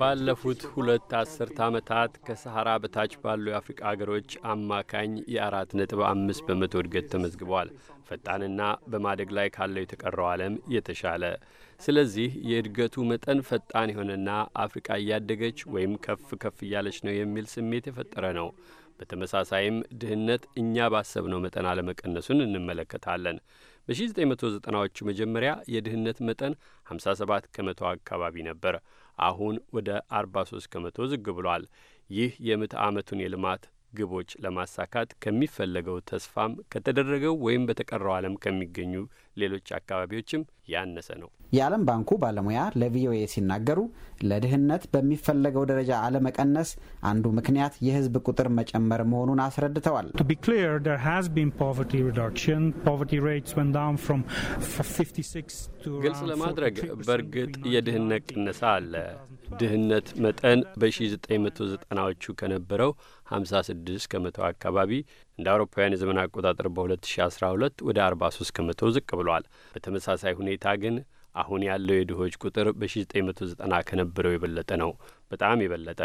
ባለፉት ሁለት አስርት ዓመታት ከሰሐራ በታች ባሉ የአፍሪቃ ሀገሮች አማካኝ የአራት ነጥብ አምስት በመቶ እድገት ተመዝግቧል። ፈጣንና በማደግ ላይ ካለው የተቀረው ዓለም የተሻለ ስለዚህ የእድገቱ መጠን ፈጣን የሆነና አፍሪቃ እያደገች ወይም ከፍ ከፍ እያለች ነው የሚል ስሜት የፈጠረ ነው። በተመሳሳይም ድህነት እኛ ባሰብነው መጠን አለመቀነሱን እንመለከታለን። በ1990ዎቹ መጀመሪያ የድህነት መጠን 57 ከመቶ አካባቢ ነበር። አሁን ወደ 43 ከመቶ ዝግ ብሏል። ይህ የምዕተ ዓመቱን የልማት ግቦች ለማሳካት ከሚፈለገው ተስፋም ከተደረገው ወይም በተቀረው ዓለም ከሚገኙ ሌሎች አካባቢዎችም ያነሰ ነው። የዓለም ባንኩ ባለሙያ ለቪኦኤ ሲናገሩ ለድህነት በሚፈለገው ደረጃ አለመቀነስ አንዱ ምክንያት የህዝብ ቁጥር መጨመር መሆኑን አስረድተዋል። ግልጽ ለማድረግ በእርግጥ የድህነት ቅነሳ አለ። ድህነት መጠን በ1990ዎቹ ከነበረው 56 ከመቶ አካባቢ እንደ አውሮፓውያን የዘመን አቆጣጠር በ2012 ወደ 43 ከመቶ ዝቅ ብሏል። በተመሳሳይ ሁኔታ ግን አሁን ያለው የድሆች ቁጥር በ1990 ከነበረው የበለጠ ነው። በጣም የበለጠ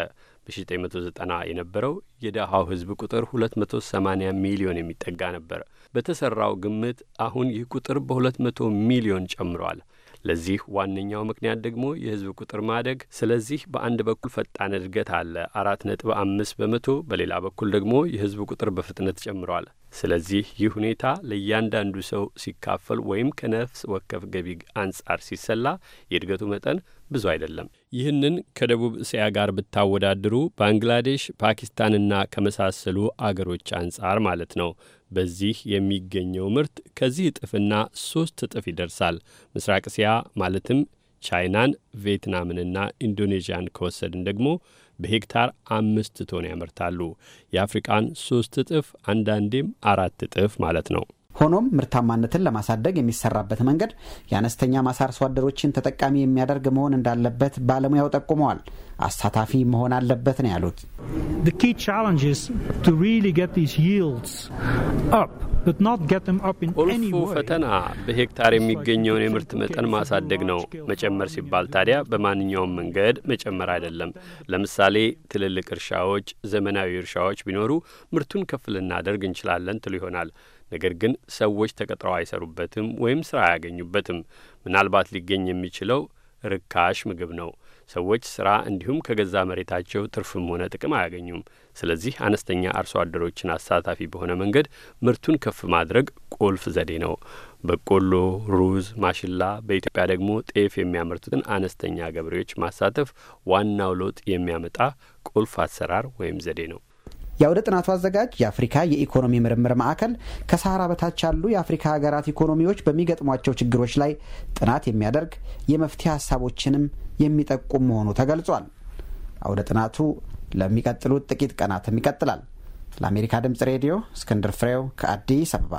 በ1990 የነበረው የደሃው ህዝብ ቁጥር 280 ሚሊዮን የሚጠጋ ነበር። በተሰራው ግምት አሁን ይህ ቁጥር በ200 ሚሊዮን ጨምሯል። ለዚህ ዋነኛው ምክንያት ደግሞ የህዝብ ቁጥር ማደግ። ስለዚህ በአንድ በኩል ፈጣን እድገት አለ አራት ነጥብ አምስት በመቶ በሌላ በኩል ደግሞ የህዝብ ቁጥር በፍጥነት ጨምሯል። ስለዚህ ይህ ሁኔታ ለእያንዳንዱ ሰው ሲካፈል ወይም ከነፍስ ወከፍ ገቢ አንጻር ሲሰላ የእድገቱ መጠን ብዙ አይደለም። ይህንን ከደቡብ እስያ ጋር ብታወዳድሩ ባንግላዴሽ፣ ፓኪስታንና ከመሳሰሉ አገሮች አንጻር ማለት ነው። በዚህ የሚገኘው ምርት ከዚህ እጥፍና ሶስት እጥፍ ይደርሳል። ምስራቅ እስያ ማለትም ቻይናን፣ ቪየትናምንና ኢንዶኔዥያን ከወሰድን ደግሞ በሄክታር አምስት ቶን ያመርታሉ። የአፍሪቃን ሶስት እጥፍ አንዳንዴም አራት እጥፍ ማለት ነው። ሆኖም ምርታማነትን ለማሳደግ የሚሰራበት መንገድ የአነስተኛ ማሳ አርሶ አደሮችን ተጠቃሚ የሚያደርግ መሆን እንዳለበት ባለሙያው ጠቁመዋል። አሳታፊ መሆን አለበት ነው ያሉት። ቁልፉ ፈተና በሄክታር የሚገኘውን የምርት መጠን ማሳደግ ነው። መጨመር ሲባል ታዲያ በማንኛውም መንገድ መጨመር አይደለም። ለምሳሌ ትልልቅ እርሻዎች፣ ዘመናዊ እርሻዎች ቢኖሩ ምርቱን ከፍ ልናደርግ እንችላለን ትሉ ይሆናል። ነገር ግን ሰዎች ተቀጥረው አይሰሩበትም ወይም ስራ አያገኙበትም። ምናልባት ሊገኝ የሚችለው ርካሽ ምግብ ነው። ሰዎች ስራ እንዲሁም ከገዛ መሬታቸው ትርፍም ሆነ ጥቅም አያገኙም። ስለዚህ አነስተኛ አርሶ አደሮችን አሳታፊ በሆነ መንገድ ምርቱን ከፍ ማድረግ ቁልፍ ዘዴ ነው። በቆሎ፣ ሩዝ፣ ማሽላ በኢትዮጵያ ደግሞ ጤፍ የሚያመርቱትን አነስተኛ ገበሬዎች ማሳተፍ ዋናው ለውጥ የሚያመጣ ቁልፍ አሰራር ወይም ዘዴ ነው። የአውደ ጥናቱ አዘጋጅ የአፍሪካ የኢኮኖሚ ምርምር ማዕከል ከሰሃራ በታች ያሉ የአፍሪካ ሀገራት ኢኮኖሚዎች በሚገጥሟቸው ችግሮች ላይ ጥናት የሚያደርግ የመፍትሄ ሀሳቦችንም የሚጠቁም መሆኑ ተገልጿል። አውደ ጥናቱ ለሚቀጥሉት ጥቂት ቀናትም ይቀጥላል። ለአሜሪካ ድምጽ ሬዲዮ እስክንድር ፍሬው ከአዲስ አበባ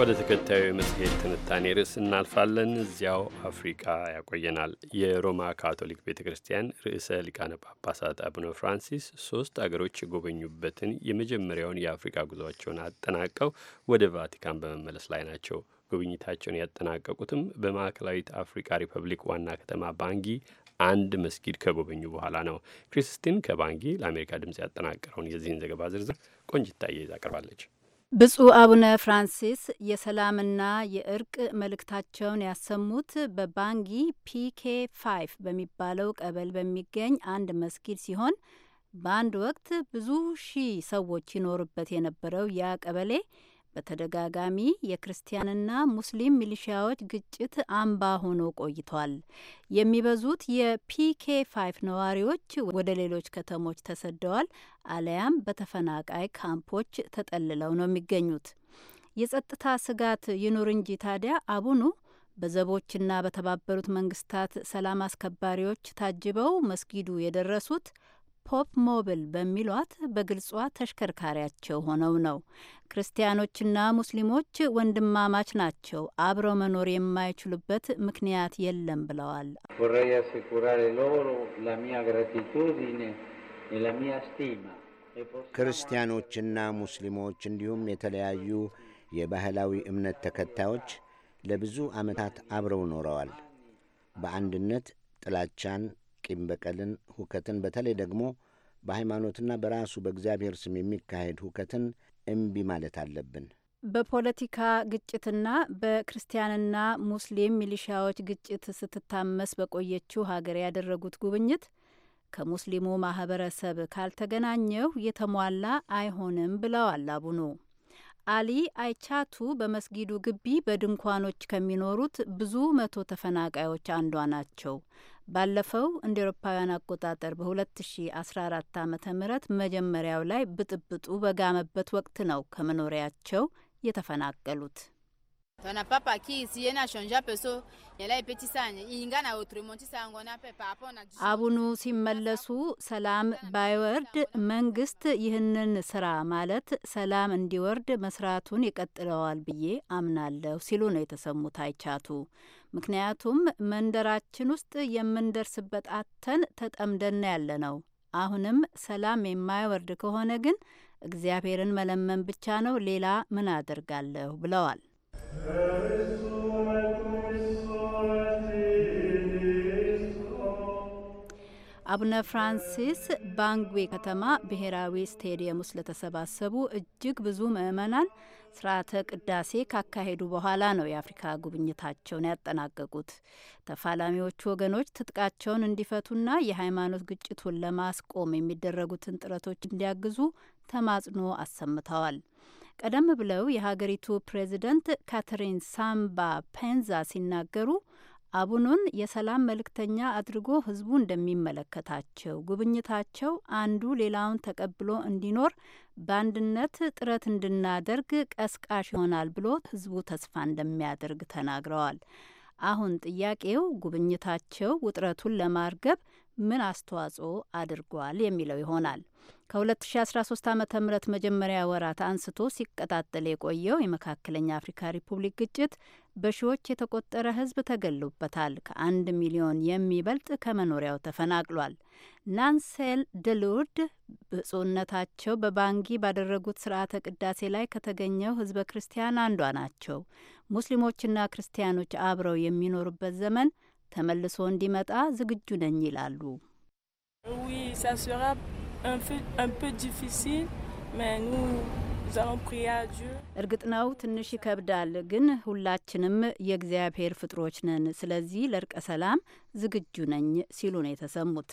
ወደ ተከታዩ የመጽሔት ትንታኔ ርዕስ እናልፋለን። እዚያው አፍሪካ ያቆየናል። የሮማ ካቶሊክ ቤተ ክርስቲያን ርዕሰ ሊቃነ ጳጳሳት አቡነ ፍራንሲስ ሶስት አገሮች የጎበኙበትን የመጀመሪያውን የአፍሪካ ጉዟቸውን አጠናቀው ወደ ቫቲካን በመመለስ ላይ ናቸው። ጉብኝታቸውን ያጠናቀቁትም በማዕከላዊት አፍሪካ ሪፐብሊክ ዋና ከተማ ባንጊ አንድ መስጊድ ከጎበኙ በኋላ ነው። ክሪስቲን ከባንጊ ለአሜሪካ ድምፅ ያጠናቀረውን የዚህን ዘገባ ዝርዝር ቆንጅታ ይዛ ቀርባለች። ብፁዕ አቡነ ፍራንሲስ የሰላምና የእርቅ መልእክታቸውን ያሰሙት በባንጊ ፒኬ ፋይቭ በሚባለው ቀበሌ በሚገኝ አንድ መስጊድ ሲሆን በአንድ ወቅት ብዙ ሺህ ሰዎች ይኖሩበት የነበረው ያ ቀበሌ በተደጋጋሚ የክርስቲያንና ሙስሊም ሚሊሺያዎች ግጭት አምባ ሆኖ ቆይቷል። የሚበዙት የፒኬ ፋይፍ ነዋሪዎች ወደ ሌሎች ከተሞች ተሰደዋል፣ አለያም በተፈናቃይ ካምፖች ተጠልለው ነው የሚገኙት። የጸጥታ ስጋት ይኑር እንጂ ታዲያ አቡኑ በዘቦችና በተባበሩት መንግስታት ሰላም አስከባሪዎች ታጅበው መስጊዱ የደረሱት ፖፕ ሞብል በሚሏት በግልጿ ተሽከርካሪያቸው ሆነው ነው። ክርስቲያኖችና ሙስሊሞች ወንድማማች ናቸው፣ አብረው መኖር የማይችሉበት ምክንያት የለም ብለዋል። e ክርስቲያኖችና ሙስሊሞች እንዲሁም የተለያዩ የባህላዊ እምነት ተከታዮች ለብዙ ዓመታት አብረው ኖረዋል። በአንድነት ጥላቻን፣ ቂም በቀልን፣ ሁከትን፣ በተለይ ደግሞ በሃይማኖትና በራሱ በእግዚአብሔር ስም የሚካሄድ ሁከትን እምቢ ማለት አለብን። በፖለቲካ ግጭትና በክርስቲያንና ሙስሊም ሚሊሻዎች ግጭት ስትታመስ በቆየችው ሀገር ያደረጉት ጉብኝት ከሙስሊሙ ማህበረሰብ ካልተገናኘው የተሟላ አይሆንም ብለዋል አቡኑ። አሊ አይቻቱ በመስጊዱ ግቢ በድንኳኖች ከሚኖሩት ብዙ መቶ ተፈናቃዮች አንዷ ናቸው። ባለፈው እንደ ኤሮፓውያን አቆጣጠር በ2014 ዓ ም መጀመሪያው ላይ ብጥብጡ በጋመበት ወቅት ነው ከመኖሪያቸው የተፈናቀሉት። e አቡኑ ሲመለሱ ሰላም ባይወርድ መንግስት ይህንን ስራ ማለት ሰላም እንዲወርድ መስራቱን ይቀጥለዋል ብዬ አምናለሁ ሲሉ ነው የተሰሙት አይቻቱ ምክንያቱም መንደራችን ውስጥ የምንደርስበት አተን ተጠምደና ያለ ነው። አሁንም ሰላም የማይወርድ ከሆነ ግን እግዚአብሔርን መለመን ብቻ ነው፣ ሌላ ምን አደርጋለሁ ብለዋል። አቡነ ፍራንሲስ ባንጉዌ ከተማ ብሔራዊ ስቴዲየም ውስጥ ለተሰባሰቡ እጅግ ብዙ ምዕመናን ስርዓተ ቅዳሴ ካካሄዱ በኋላ ነው የአፍሪካ ጉብኝታቸውን ያጠናቀቁት። ተፋላሚዎቹ ወገኖች ትጥቃቸውን እንዲፈቱና የሃይማኖት ግጭቱን ለማስቆም የሚደረጉትን ጥረቶች እንዲያግዙ ተማጽኖ አሰምተዋል። ቀደም ብለው የሀገሪቱ ፕሬዚደንት ካትሪን ሳምባ ፔንዛ ሲናገሩ አቡኑን የሰላም መልእክተኛ አድርጎ ህዝቡ እንደሚመለከታቸው፣ ጉብኝታቸው አንዱ ሌላውን ተቀብሎ እንዲኖር በአንድነት ጥረት እንድናደርግ ቀስቃሽ ይሆናል ብሎ ህዝቡ ተስፋ እንደሚያደርግ ተናግረዋል። አሁን ጥያቄው ጉብኝታቸው ውጥረቱን ለማርገብ ምን አስተዋጽኦ አድርጓል የሚለው ይሆናል። ከ2013 ዓ ም መጀመሪያ ወራት አንስቶ ሲቀጣጠል የቆየው የመካከለኛ አፍሪካ ሪፑብሊክ ግጭት በሺዎች የተቆጠረ ሕዝብ ተገሎበታል። ከአንድ ሚሊዮን የሚበልጥ ከመኖሪያው ተፈናቅሏል። ናንሴል ደሎርድ ብፁዕነታቸው በባንጊ ባደረጉት ስርዓተ ቅዳሴ ላይ ከተገኘው ሕዝበ ክርስቲያን አንዷ ናቸው። ሙስሊሞችና ክርስቲያኖች አብረው የሚኖሩበት ዘመን ተመልሶ እንዲመጣ ዝግጁ ነኝ ይላሉ። እርግጥ ነው ትንሽ ይከብዳል፣ ግን ሁላችንም የእግዚአብሔር ፍጥሮች ነን። ስለዚህ ለእርቀ ሰላም ዝግጁ ነኝ ሲሉ ነው የተሰሙት።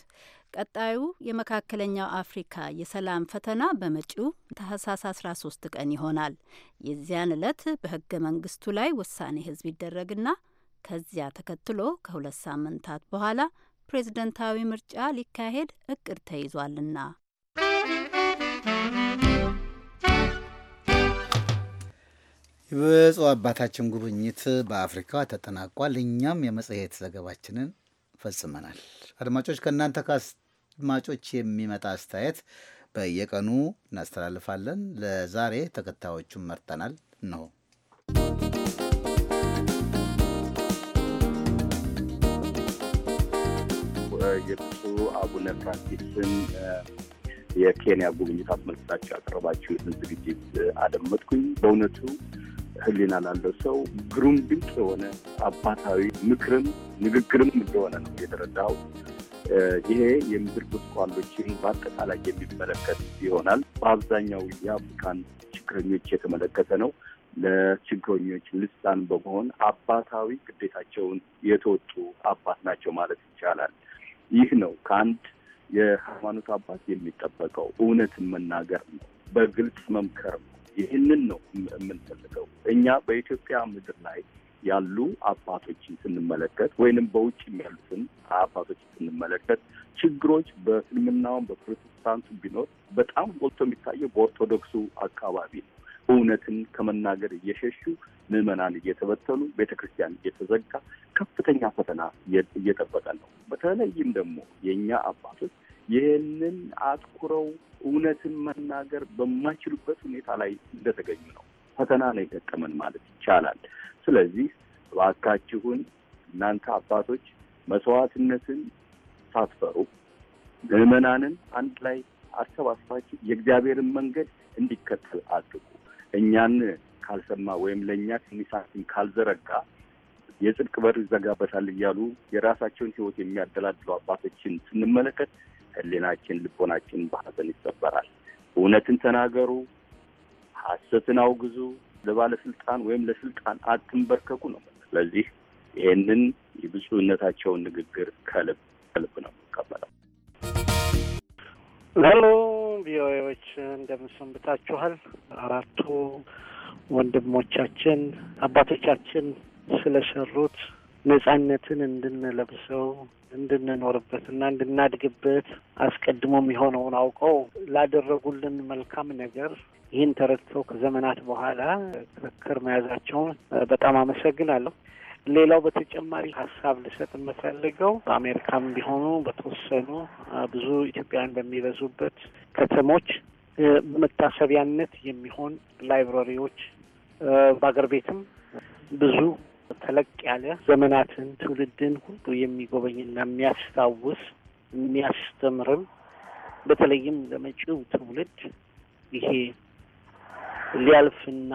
ቀጣዩ የመካከለኛው አፍሪካ የሰላም ፈተና በመጪው ታህሳስ 13 ቀን ይሆናል። የዚያን ዕለት በህገ መንግስቱ ላይ ውሳኔ ህዝብ ይደረግና ከዚያ ተከትሎ ከሁለት ሳምንታት በኋላ ፕሬዝደንታዊ ምርጫ ሊካሄድ እቅድ ተይዟልና። የብፁዕ አባታችን ጉብኝት በአፍሪካ ተጠናቋል። እኛም የመጽሔት ዘገባችንን ፈጽመናል። አድማጮች ከእናንተ ከአድማጮች የሚመጣ አስተያየት በየቀኑ እናስተላልፋለን። ለዛሬ ተከታዮቹን መርጠናል ነው የብፁዕ አቡነ ፍራንሲስን የኬንያ ጉብኝት አስመልክታቸው ያቀረባችሁትን ዝግጅት አደመጥኩኝ። በእውነቱ ሕሊና ላለው ሰው ግሩም ድንቅ የሆነ አባታዊ ምክርም ንግግርም እንደሆነ ነው የተረዳው። ይሄ የምድር ቁስቋሎችን በአጠቃላይ የሚመለከት ይሆናል። በአብዛኛው የአፍሪካን ችግረኞች የተመለከተ ነው። ለችግረኞች ልሳን በመሆን አባታዊ ግዴታቸውን የተወጡ አባት ናቸው ማለት ይቻላል። ይህ ነው ከአንድ የሃይማኖት አባት የሚጠበቀው እውነትን መናገር ነው፣ በግልጽ መምከር ነው። ይህንን ነው የምንፈልገው እኛ በኢትዮጵያ ምድር ላይ ያሉ አባቶችን ስንመለከት ወይንም በውጭም ያሉትን አባቶችን ስንመለከት ችግሮች በእስልምናውም በፕሮቴስታንቱ ቢኖር በጣም ጎልቶ የሚታየው በኦርቶዶክሱ አካባቢ ነው። እውነትን ከመናገር እየሸሹ ምዕመናን እየተበተኑ ቤተ ክርስቲያን እየተዘጋ ከፍተኛ ፈተና እየጠበቀ ነው። በተለይም ደግሞ የእኛ አባቶች ይህንን አትኩረው እውነትን መናገር በማይችሉበት ሁኔታ ላይ እንደተገኙ ነው። ፈተና ነው የጠቀመን ማለት ይቻላል። ስለዚህ እባካችሁን እናንተ አባቶች መስዋዕትነትን ሳትፈሩ ምዕመናንን አንድ ላይ አሰባስባችሁ የእግዚአብሔርን መንገድ እንዲከተል አድርጉ። እኛን ካልሰማ ወይም ለእኛ ትንሳትን ካልዘረጋ የጽድቅ በር ይዘጋበታል እያሉ የራሳቸውን ህይወት የሚያደላድሉ አባቶችን ስንመለከት ህሊናችን፣ ልቦናችን በሀዘን ይሰበራል። እውነትን ተናገሩ፣ ሀሰትን አውግዙ፣ ለባለስልጣን ወይም ለስልጣን አትንበርከኩ ነው። ስለዚህ ይህንን የብፁዕነታቸውን ንግግር ከልብ ከልብ ነው የምቀበለው። ሄሎ ቪኦኤዎች እንደምንሰንብታችኋል። አራቱ ወንድሞቻችን አባቶቻችን ስለሰሩት ነጻነትን እንድንለብሰው እንድንኖርበትና እንድናድግበት አስቀድሞም የሆነውን አውቀው ላደረጉልን መልካም ነገር ይህን ተረድተው ከዘመናት በኋላ ክርክር መያዛቸውን በጣም አመሰግናለሁ። ሌላው በተጨማሪ ሀሳብ ልሰጥ የምፈልገው በአሜሪካም ቢሆኑ በተወሰኑ ብዙ ኢትዮጵያውያን በሚበዙበት ከተሞች በመታሰቢያነት የሚሆን ላይብረሪዎች በአገር ቤትም ብዙ ተለቅ ያለ ዘመናትን ትውልድን ሁሉ የሚጎበኝና የሚያስታውስ የሚያስተምርም በተለይም ለመጪው ትውልድ ይሄ ሊያልፍና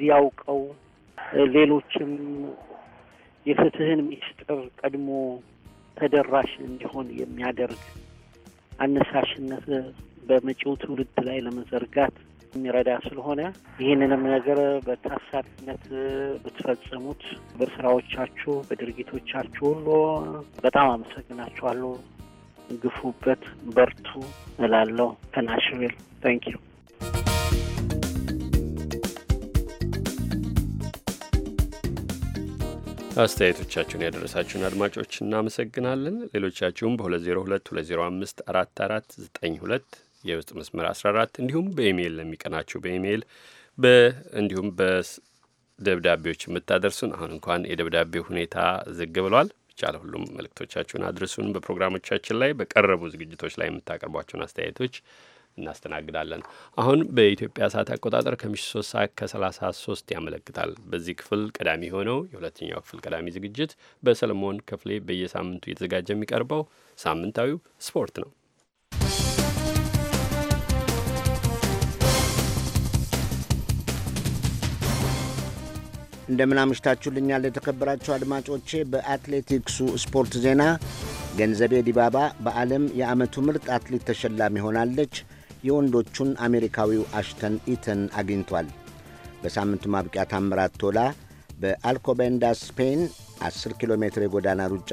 ሊያውቀው ሌሎችም የፍትህን ሚስጥር ቀድሞ ተደራሽ እንዲሆን የሚያደርግ አነሳሽነት በመጪው ትውልድ ላይ ለመዘርጋት የሚረዳ ስለሆነ ይህንንም ነገር በታሳቢነት ብትፈጽሙት በስራዎቻችሁ፣ በድርጊቶቻችሁ ሁሉ በጣም አመሰግናችኋለሁ። ግፉበት፣ በርቱ እላለሁ። ከናሽቪል ታንኪዩ አስተያየቶቻችሁን ያደረሳችሁን አድማጮች እናመሰግናለን። ሌሎቻችሁም በ202 4492 የውስጥ መስመር 14 እንዲሁም በኢሜይል ለሚቀናችሁ በኢሜይል እንዲሁም በደብዳቤዎች የምታደርሱን አሁን እንኳን የደብዳቤ ሁኔታ ዝግ ብሏል። ብቻ ለሁሉም መልእክቶቻችሁን አድርሱን። በፕሮግራሞቻችን ላይ በቀረቡ ዝግጅቶች ላይ የምታቀርቧቸውን አስተያየቶች እናስተናግዳለን። አሁን በኢትዮጵያ ሰዓት አቆጣጠር ከምሽቱ 3 ሰዓት ከ33 ያመለክታል። በዚህ ክፍል ቀዳሚ የሆነው የሁለተኛው ክፍል ቀዳሚ ዝግጅት በሰለሞን ክፍሌ በየሳምንቱ እየተዘጋጀ የሚቀርበው ሳምንታዊው ስፖርት ነው። እንደምን አምሽታችሁልኛል የተከበራችሁ አድማጮቼ። በአትሌቲክሱ ስፖርት ዜና ገንዘቤ ዲባባ በዓለም የዓመቱ ምርጥ አትሌት ተሸላሚ ሆናለች። የወንዶቹን አሜሪካዊው አሽተን ኢተን አግኝቷል። በሳምንቱ ማብቂያ ታምራት ቶላ በአልኮቤንዳ ስፔን 10 ኪሎ ሜትር የጎዳና ሩጫ፣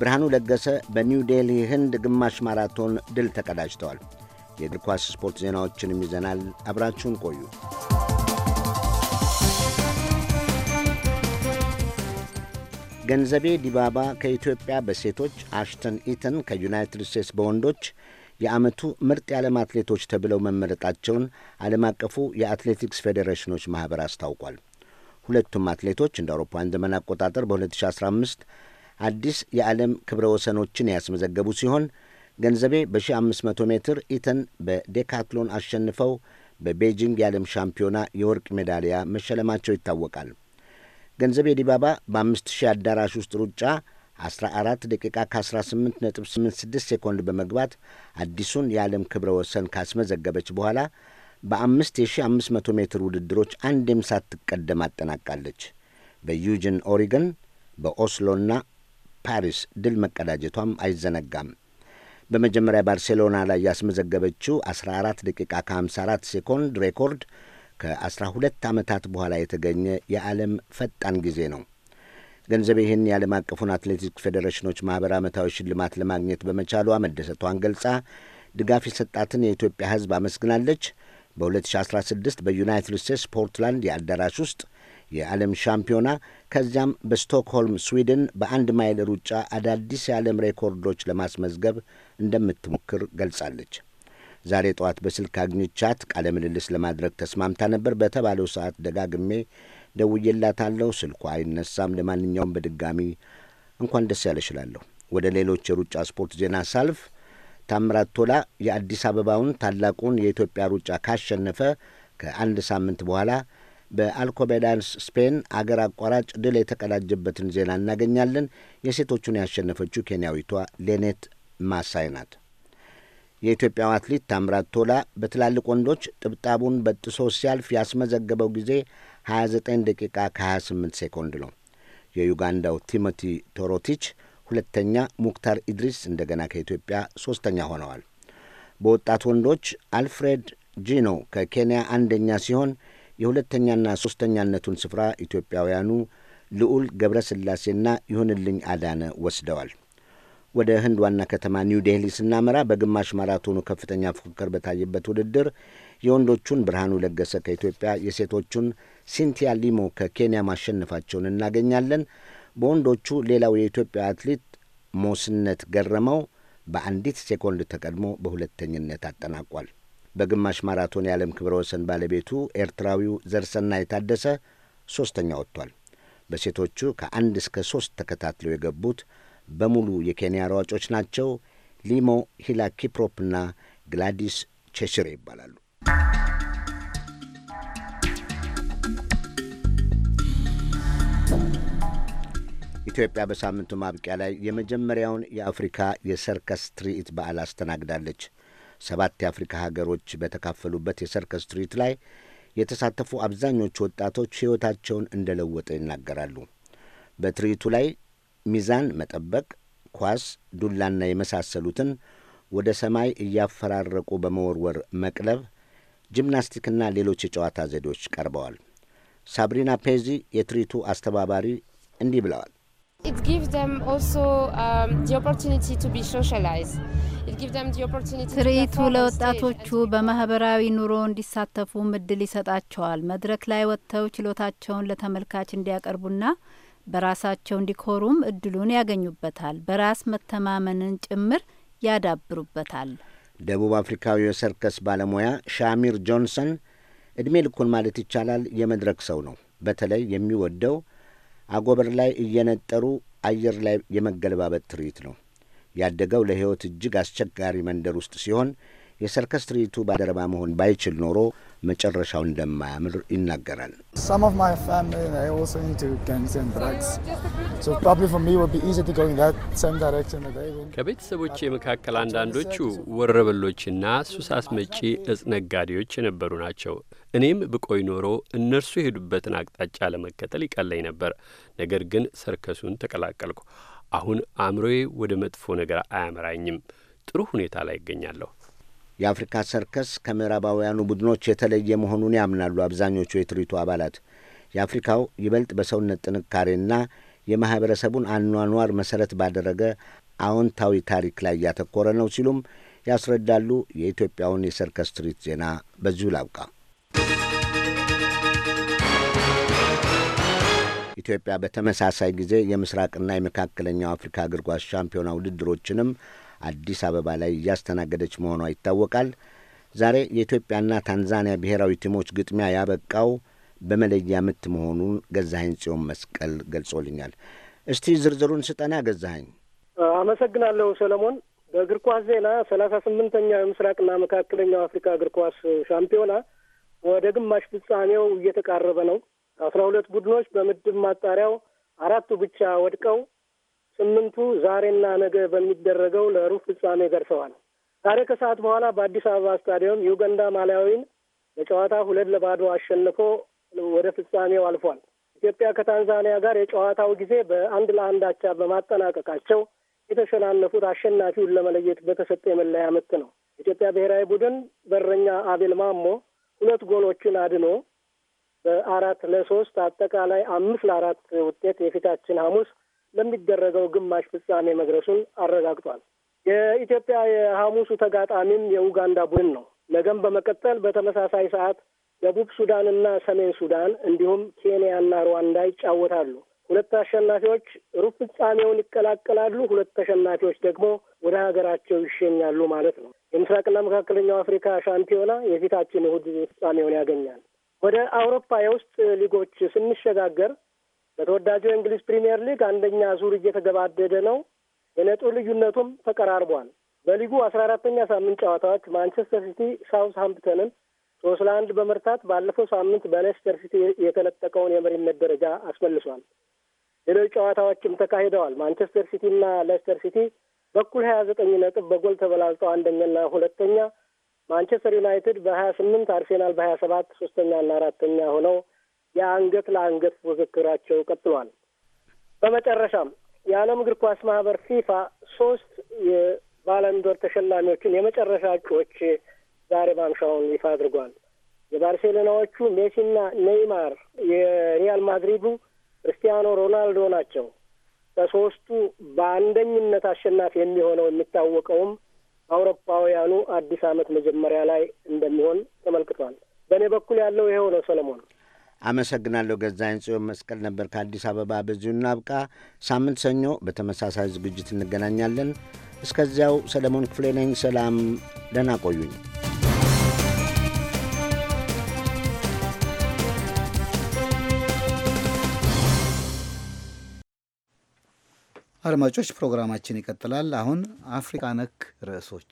ብርሃኑ ለገሰ በኒው ዴልሂ ህንድ ግማሽ ማራቶን ድል ተቀዳጅተዋል። የእግር ኳስ ስፖርት ዜናዎችንም ይዘናል። አብራችሁን ቆዩ። ገንዘቤ ዲባባ ከኢትዮጵያ በሴቶች አሽተን ኢተን ከዩናይትድ ስቴትስ በወንዶች የዓመቱ ምርጥ የዓለም አትሌቶች ተብለው መመረጣቸውን ዓለም አቀፉ የአትሌቲክስ ፌዴሬሽኖች ማኅበር አስታውቋል። ሁለቱም አትሌቶች እንደ አውሮፓውያን ዘመን አቆጣጠር በ2015 አዲስ የዓለም ክብረ ወሰኖችን ያስመዘገቡ ሲሆን ገንዘቤ በ1500 ሜትር፣ ኢተን በዴካትሎን አሸንፈው በቤጂንግ የዓለም ሻምፒዮና የወርቅ ሜዳሊያ መሸለማቸው ይታወቃል። ገንዘቤ ዲባባ በ5000 አዳራሽ ውስጥ ሩጫ 14 ደቂቃ ከ18.86 ሴኮንድ በመግባት አዲሱን የዓለም ክብረ ወሰን ካስመዘገበች በኋላ በአምስት የ ሜትር ውድድሮች ሳት ሳትቀደም አጠናቃለች። በዩጅን ኦሪገን፣ በኦስሎና ፓሪስ ድል መቀዳጀቷም አይዘነጋም። በመጀመሪያ ባርሴሎና ላይ ያስመዘገበችው 14 ደቂቃ ከ54 ሴኮንድ ሬኮርድ ከ12 ዓመታት በኋላ የተገኘ የዓለም ፈጣን ጊዜ ነው። ገንዘብ ይህን የዓለም አቀፉን አትሌቲክስ ፌዴሬሽኖች ማኅበር ዓመታዊ ሽልማት ለማግኘት በመቻሏ መደሰቷን ገልጻ ድጋፍ የሰጣትን የኢትዮጵያ ሕዝብ አመስግናለች። በ2016 በዩናይትድ ስቴትስ ፖርትላንድ የአዳራሽ ውስጥ የዓለም ሻምፒዮና ከዚያም በስቶክሆልም ስዊድን በአንድ ማይል ሩጫ አዳዲስ የዓለም ሬኮርዶች ለማስመዝገብ እንደምትሞክር ገልጻለች። ዛሬ ጠዋት በስልክ አግኝቻት ቃለ ምልልስ ለማድረግ ተስማምታ ነበር። በተባለው ሰዓት ደጋግሜ ደውዬላታለሁ። ስልኳ አይነሳም። ለማንኛውም በድጋሚ እንኳን ደስ ያለሽ እላለሁ። ወደ ሌሎች የሩጫ ስፖርት ዜና ሳልፍ ታምራት ቶላ የአዲስ አበባውን ታላቁን የኢትዮጵያ ሩጫ ካሸነፈ ከአንድ ሳምንት በኋላ በአልኮቤላንስ ስፔን አገር አቋራጭ ድል የተቀዳጀበትን ዜና እናገኛለን። የሴቶቹን ያሸነፈችው ኬንያዊቷ ሌኔት ማሳይ ናት። የኢትዮጵያው አትሌት ታምራት ቶላ በትላልቅ ወንዶች ጥብጣቡን በጥሶ ሲያልፍ ያስመዘገበው ጊዜ 29 ደቂቃ ከ28 ሴኮንድ ነው። የዩጋንዳው ቲሞቲ ቶሮቲች ሁለተኛ፣ ሙክታር ኢድሪስ እንደገና ከኢትዮጵያ ሦስተኛ ሆነዋል። በወጣት ወንዶች አልፍሬድ ጂኖ ከኬንያ አንደኛ ሲሆን የሁለተኛና ሦስተኛነቱን ስፍራ ኢትዮጵያውያኑ ልዑል ገብረ ሥላሴና ይሁንልኝ አዳነ ወስደዋል። ወደ ህንድ ዋና ከተማ ኒው ዴህሊ ስናመራ በግማሽ ማራቶኑ ከፍተኛ ፉክክር በታየበት ውድድር የወንዶቹን ብርሃኑ ለገሰ ከኢትዮጵያ የሴቶቹን ሲንቲያ ሊሞ ከኬንያ ማሸነፋቸውን እናገኛለን። በወንዶቹ ሌላው የኢትዮጵያ አትሌት ሞስነት ገረመው በአንዲት ሴኮንድ ተቀድሞ በሁለተኝነት አጠናቋል። በግማሽ ማራቶን የዓለም ክብረ ወሰን ባለቤቱ ኤርትራዊው ዘርሰና የታደሰ ሦስተኛ ወጥቷል። በሴቶቹ ከአንድ እስከ ሦስት ተከታትለው የገቡት በሙሉ የኬንያ ሯጮች ናቸው። ሊሞ ሂላ ኪፕሮፕና ግላዲስ ቼሽሬ ይባላሉ። ኢትዮጵያ በሳምንቱ ማብቂያ ላይ የመጀመሪያውን የአፍሪካ የሰርከስ ትርኢት በዓል አስተናግዳለች። ሰባት የአፍሪካ ሀገሮች በተካፈሉበት የሰርከስ ትርኢት ላይ የተሳተፉ አብዛኞቹ ወጣቶች ሕይወታቸውን እንደለወጠ ይናገራሉ። በትርኢቱ ላይ ሚዛን መጠበቅ፣ ኳስ፣ ዱላና የመሳሰሉትን ወደ ሰማይ እያፈራረቁ በመወርወር መቅለብ፣ ጂምናስቲክና ሌሎች የጨዋታ ዘዴዎች ቀርበዋል። ሳብሪና ፔዚ የትርኢቱ አስተባባሪ እንዲህ ብለዋል። It gives them also um, the opportunity to be socialized. ትርኢቱ ለወጣቶቹ በማህበራዊ ኑሮ እንዲሳተፉም እድል ይሰጣቸዋል። መድረክ ላይ ወጥተው ችሎታቸውን ለተመልካች እንዲያቀርቡና በራሳቸው እንዲኮሩም እድሉን ያገኙበታል። በራስ መተማመንን ጭምር ያዳብሩበታል። ደቡብ አፍሪካዊ የሰርከስ ባለሙያ ሻሚር ጆንሰን እድሜ ልኩን ማለት ይቻላል የመድረክ ሰው ነው። በተለይ የሚወደው አጎበር ላይ እየነጠሩ አየር ላይ የመገለባበጥ ትርኢት ነው። ያደገው ለሕይወት እጅግ አስቸጋሪ መንደር ውስጥ ሲሆን የሰርከስ ትርኢቱ ባደረባ መሆን ባይችል ኖሮ መጨረሻው እንደማያምር ይናገራል። ከቤተሰቦቼ መካከል አንዳንዶቹ ወረበሎችና ሱስ አስመጪ እጽ ነጋዴዎች የነበሩ ናቸው። እኔም ብቆይ ኖሮ እነርሱ የሄዱበትን አቅጣጫ ለመከተል ይቀለኝ ነበር። ነገር ግን ሰርከሱን ተቀላቀልኩ። አሁን አእምሮዬ ወደ መጥፎ ነገር አያመራኝም። ጥሩ ሁኔታ ላይ ይገኛለሁ። የአፍሪካ ሰርከስ ከምዕራባውያኑ ቡድኖች የተለየ መሆኑን ያምናሉ አብዛኞቹ የትርኢቱ አባላት። የአፍሪካው ይበልጥ በሰውነት ጥንካሬና የማኅበረሰቡን አኗኗር መሠረት ባደረገ አዎንታዊ ታሪክ ላይ ያተኮረ ነው ሲሉም ያስረዳሉ። የኢትዮጵያውን የሰርከስ ትርኢት ዜና በዚሁ ላብቃ። ኢትዮጵያ በተመሳሳይ ጊዜ የምስራቅና የመካከለኛው አፍሪካ እግር ኳስ ሻምፒዮና ውድድሮችንም አዲስ አበባ ላይ እያስተናገደች መሆኗ ይታወቃል። ዛሬ የኢትዮጵያና ታንዛኒያ ብሔራዊ ቲሞች ግጥሚያ ያበቃው በመለያ ምት መሆኑን ገዛኸኝ ጽዮን መስቀል ገልጾልኛል። እስቲ ዝርዝሩን ስጠና ገዛኸኝ። አመሰግናለሁ ሰለሞን። በእግር ኳስ ዜና ሰላሳ ስምንተኛ የምስራቅና መካከለኛው አፍሪካ እግር ኳስ ሻምፒዮና ወደ ግማሽ ፍጻሜው እየተቃረበ ነው። አስራ ሁለት ቡድኖች በምድብ ማጣሪያው አራቱ ብቻ ወድቀው ስምንቱ ዛሬና ነገ በሚደረገው ለሩብ ፍጻሜ ደርሰዋል። ዛሬ ከሰዓት በኋላ በአዲስ አበባ ስታዲየም ዩጋንዳ ማላዊን በጨዋታ ሁለት ለባዶ አሸንፎ ወደ ፍጻሜው አልፏል። ኢትዮጵያ ከታንዛኒያ ጋር የጨዋታው ጊዜ በአንድ ለአንድ አቻ በማጠናቀቃቸው የተሸናነፉት አሸናፊውን ለመለየት በተሰጠ የመለያ ምት ነው። ኢትዮጵያ ብሔራዊ ቡድን በረኛ አቤል ማሞ ሁለት ጎሎችን አድኖ በአራት ለሶስት አጠቃላይ አምስት ለአራት ውጤት የፊታችን ሐሙስ ለሚደረገው ግማሽ ፍጻሜ መድረሱን አረጋግጧል። የኢትዮጵያ የሐሙሱ ተጋጣሚም የኡጋንዳ ቡድን ነው። ነገም በመቀጠል በተመሳሳይ ሰዓት ደቡብ ሱዳን እና ሰሜን ሱዳን እንዲሁም ኬንያና ሩዋንዳ ይጫወታሉ። ሁለት አሸናፊዎች ሩብ ፍጻሜውን ይቀላቀላሉ። ሁለት ተሸናፊዎች ደግሞ ወደ ሀገራቸው ይሸኛሉ ማለት ነው። የምስራቅና መካከለኛው አፍሪካ ሻምፒዮና የፊታችን እሁድ ፍጻሜውን ያገኛል። ወደ አውሮፓ የውስጥ ሊጎች ስንሸጋገር በተወዳጁ የእንግሊዝ ፕሪምየር ሊግ አንደኛ ዙር እየተገባደደ ነው። የነጥብ ልዩነቱም ተቀራርቧል። በሊጉ አስራ አራተኛ ሳምንት ጨዋታዎች ማንቸስተር ሲቲ ሳውስ ሃምፕተንን ሶስት ለአንድ በመርታት ባለፈው ሳምንት በሌስተር ሲቲ የተነጠቀውን የመሪነት ደረጃ አስመልሷል። ሌሎች ጨዋታዎችም ተካሂደዋል። ማንቸስተር ሲቲ እና ሌስተር ሲቲ በኩል ሀያ ዘጠኝ ነጥብ በጎል ተበላልጠው አንደኛና ሁለተኛ ማንቸስተር ዩናይትድ በሀያ ስምንት አርሴናል በሀያ ሰባት ና አራተኛ ሆነው የአንገት ለአንገት ፉክክራቸው ቀጥሏል። በመጨረሻም የዓለም እግር ኳስ ማህበር ፊፋ ሶስት የባለንዶር ተሸላሚዎችን የመጨረሻ እጩዎች ዛሬ ማምሻውን ይፋ አድርጓል። የባርሴሎናዎቹ ሜሲና ኔይማር፣ የሪያል ማድሪዱ ክርስቲያኖ ሮናልዶ ናቸው። ከሶስቱ በአንደኝነት አሸናፊ የሚሆነው የሚታወቀውም በአውሮፓውያኑ አዲስ ዓመት መጀመሪያ ላይ እንደሚሆን ተመልክቷል። በእኔ በኩል ያለው ይኸው ነው። ሰለሞን አመሰግናለሁ። ገዛኸኝ ጽዮን መስቀል ነበር ከአዲስ አበባ። በዚሁ እናብቃ። ሳምንት ሰኞ በተመሳሳይ ዝግጅት እንገናኛለን። እስከዚያው ሰለሞን ክፍሌ ነኝ። ሰላም፣ ደህና ቆዩኝ። አድማጮች ፕሮግራማችን ይቀጥላል። አሁን አፍሪካ ነክ ርዕሶች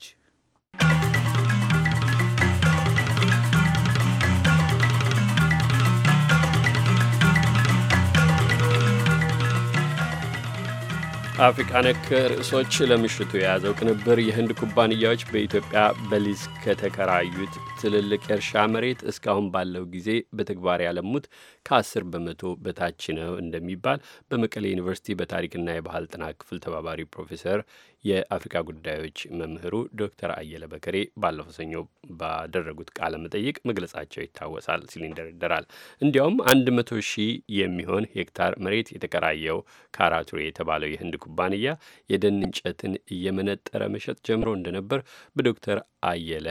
አፍሪካ ነክ ርዕሶች ለምሽቱ የያዘው ቅንብር የህንድ ኩባንያዎች በኢትዮጵያ በሊዝ ከተከራዩት ትልልቅ የእርሻ መሬት እስካሁን ባለው ጊዜ በተግባር ያለሙት ከ10 በመቶ በታች ነው እንደሚባል በመቀሌ ዩኒቨርሲቲ በታሪክና የባህል ጥናት ክፍል ተባባሪ ፕሮፌሰር የአፍሪካ ጉዳዮች መምህሩ ዶክተር አየለ በከሬ ባለፈው ሰኞ ባደረጉት ቃለ መጠይቅ መግለጻቸው ይታወሳል ሲል ይንደረደራል። እንዲያውም አንድ መቶ ሺህ የሚሆን ሄክታር መሬት የተከራየው ካራቱሪ የተባለው የህንድ ኩባንያ የደን እንጨትን እየመነጠረ መሸጥ ጀምሮ እንደነበር በዶክተር አየለ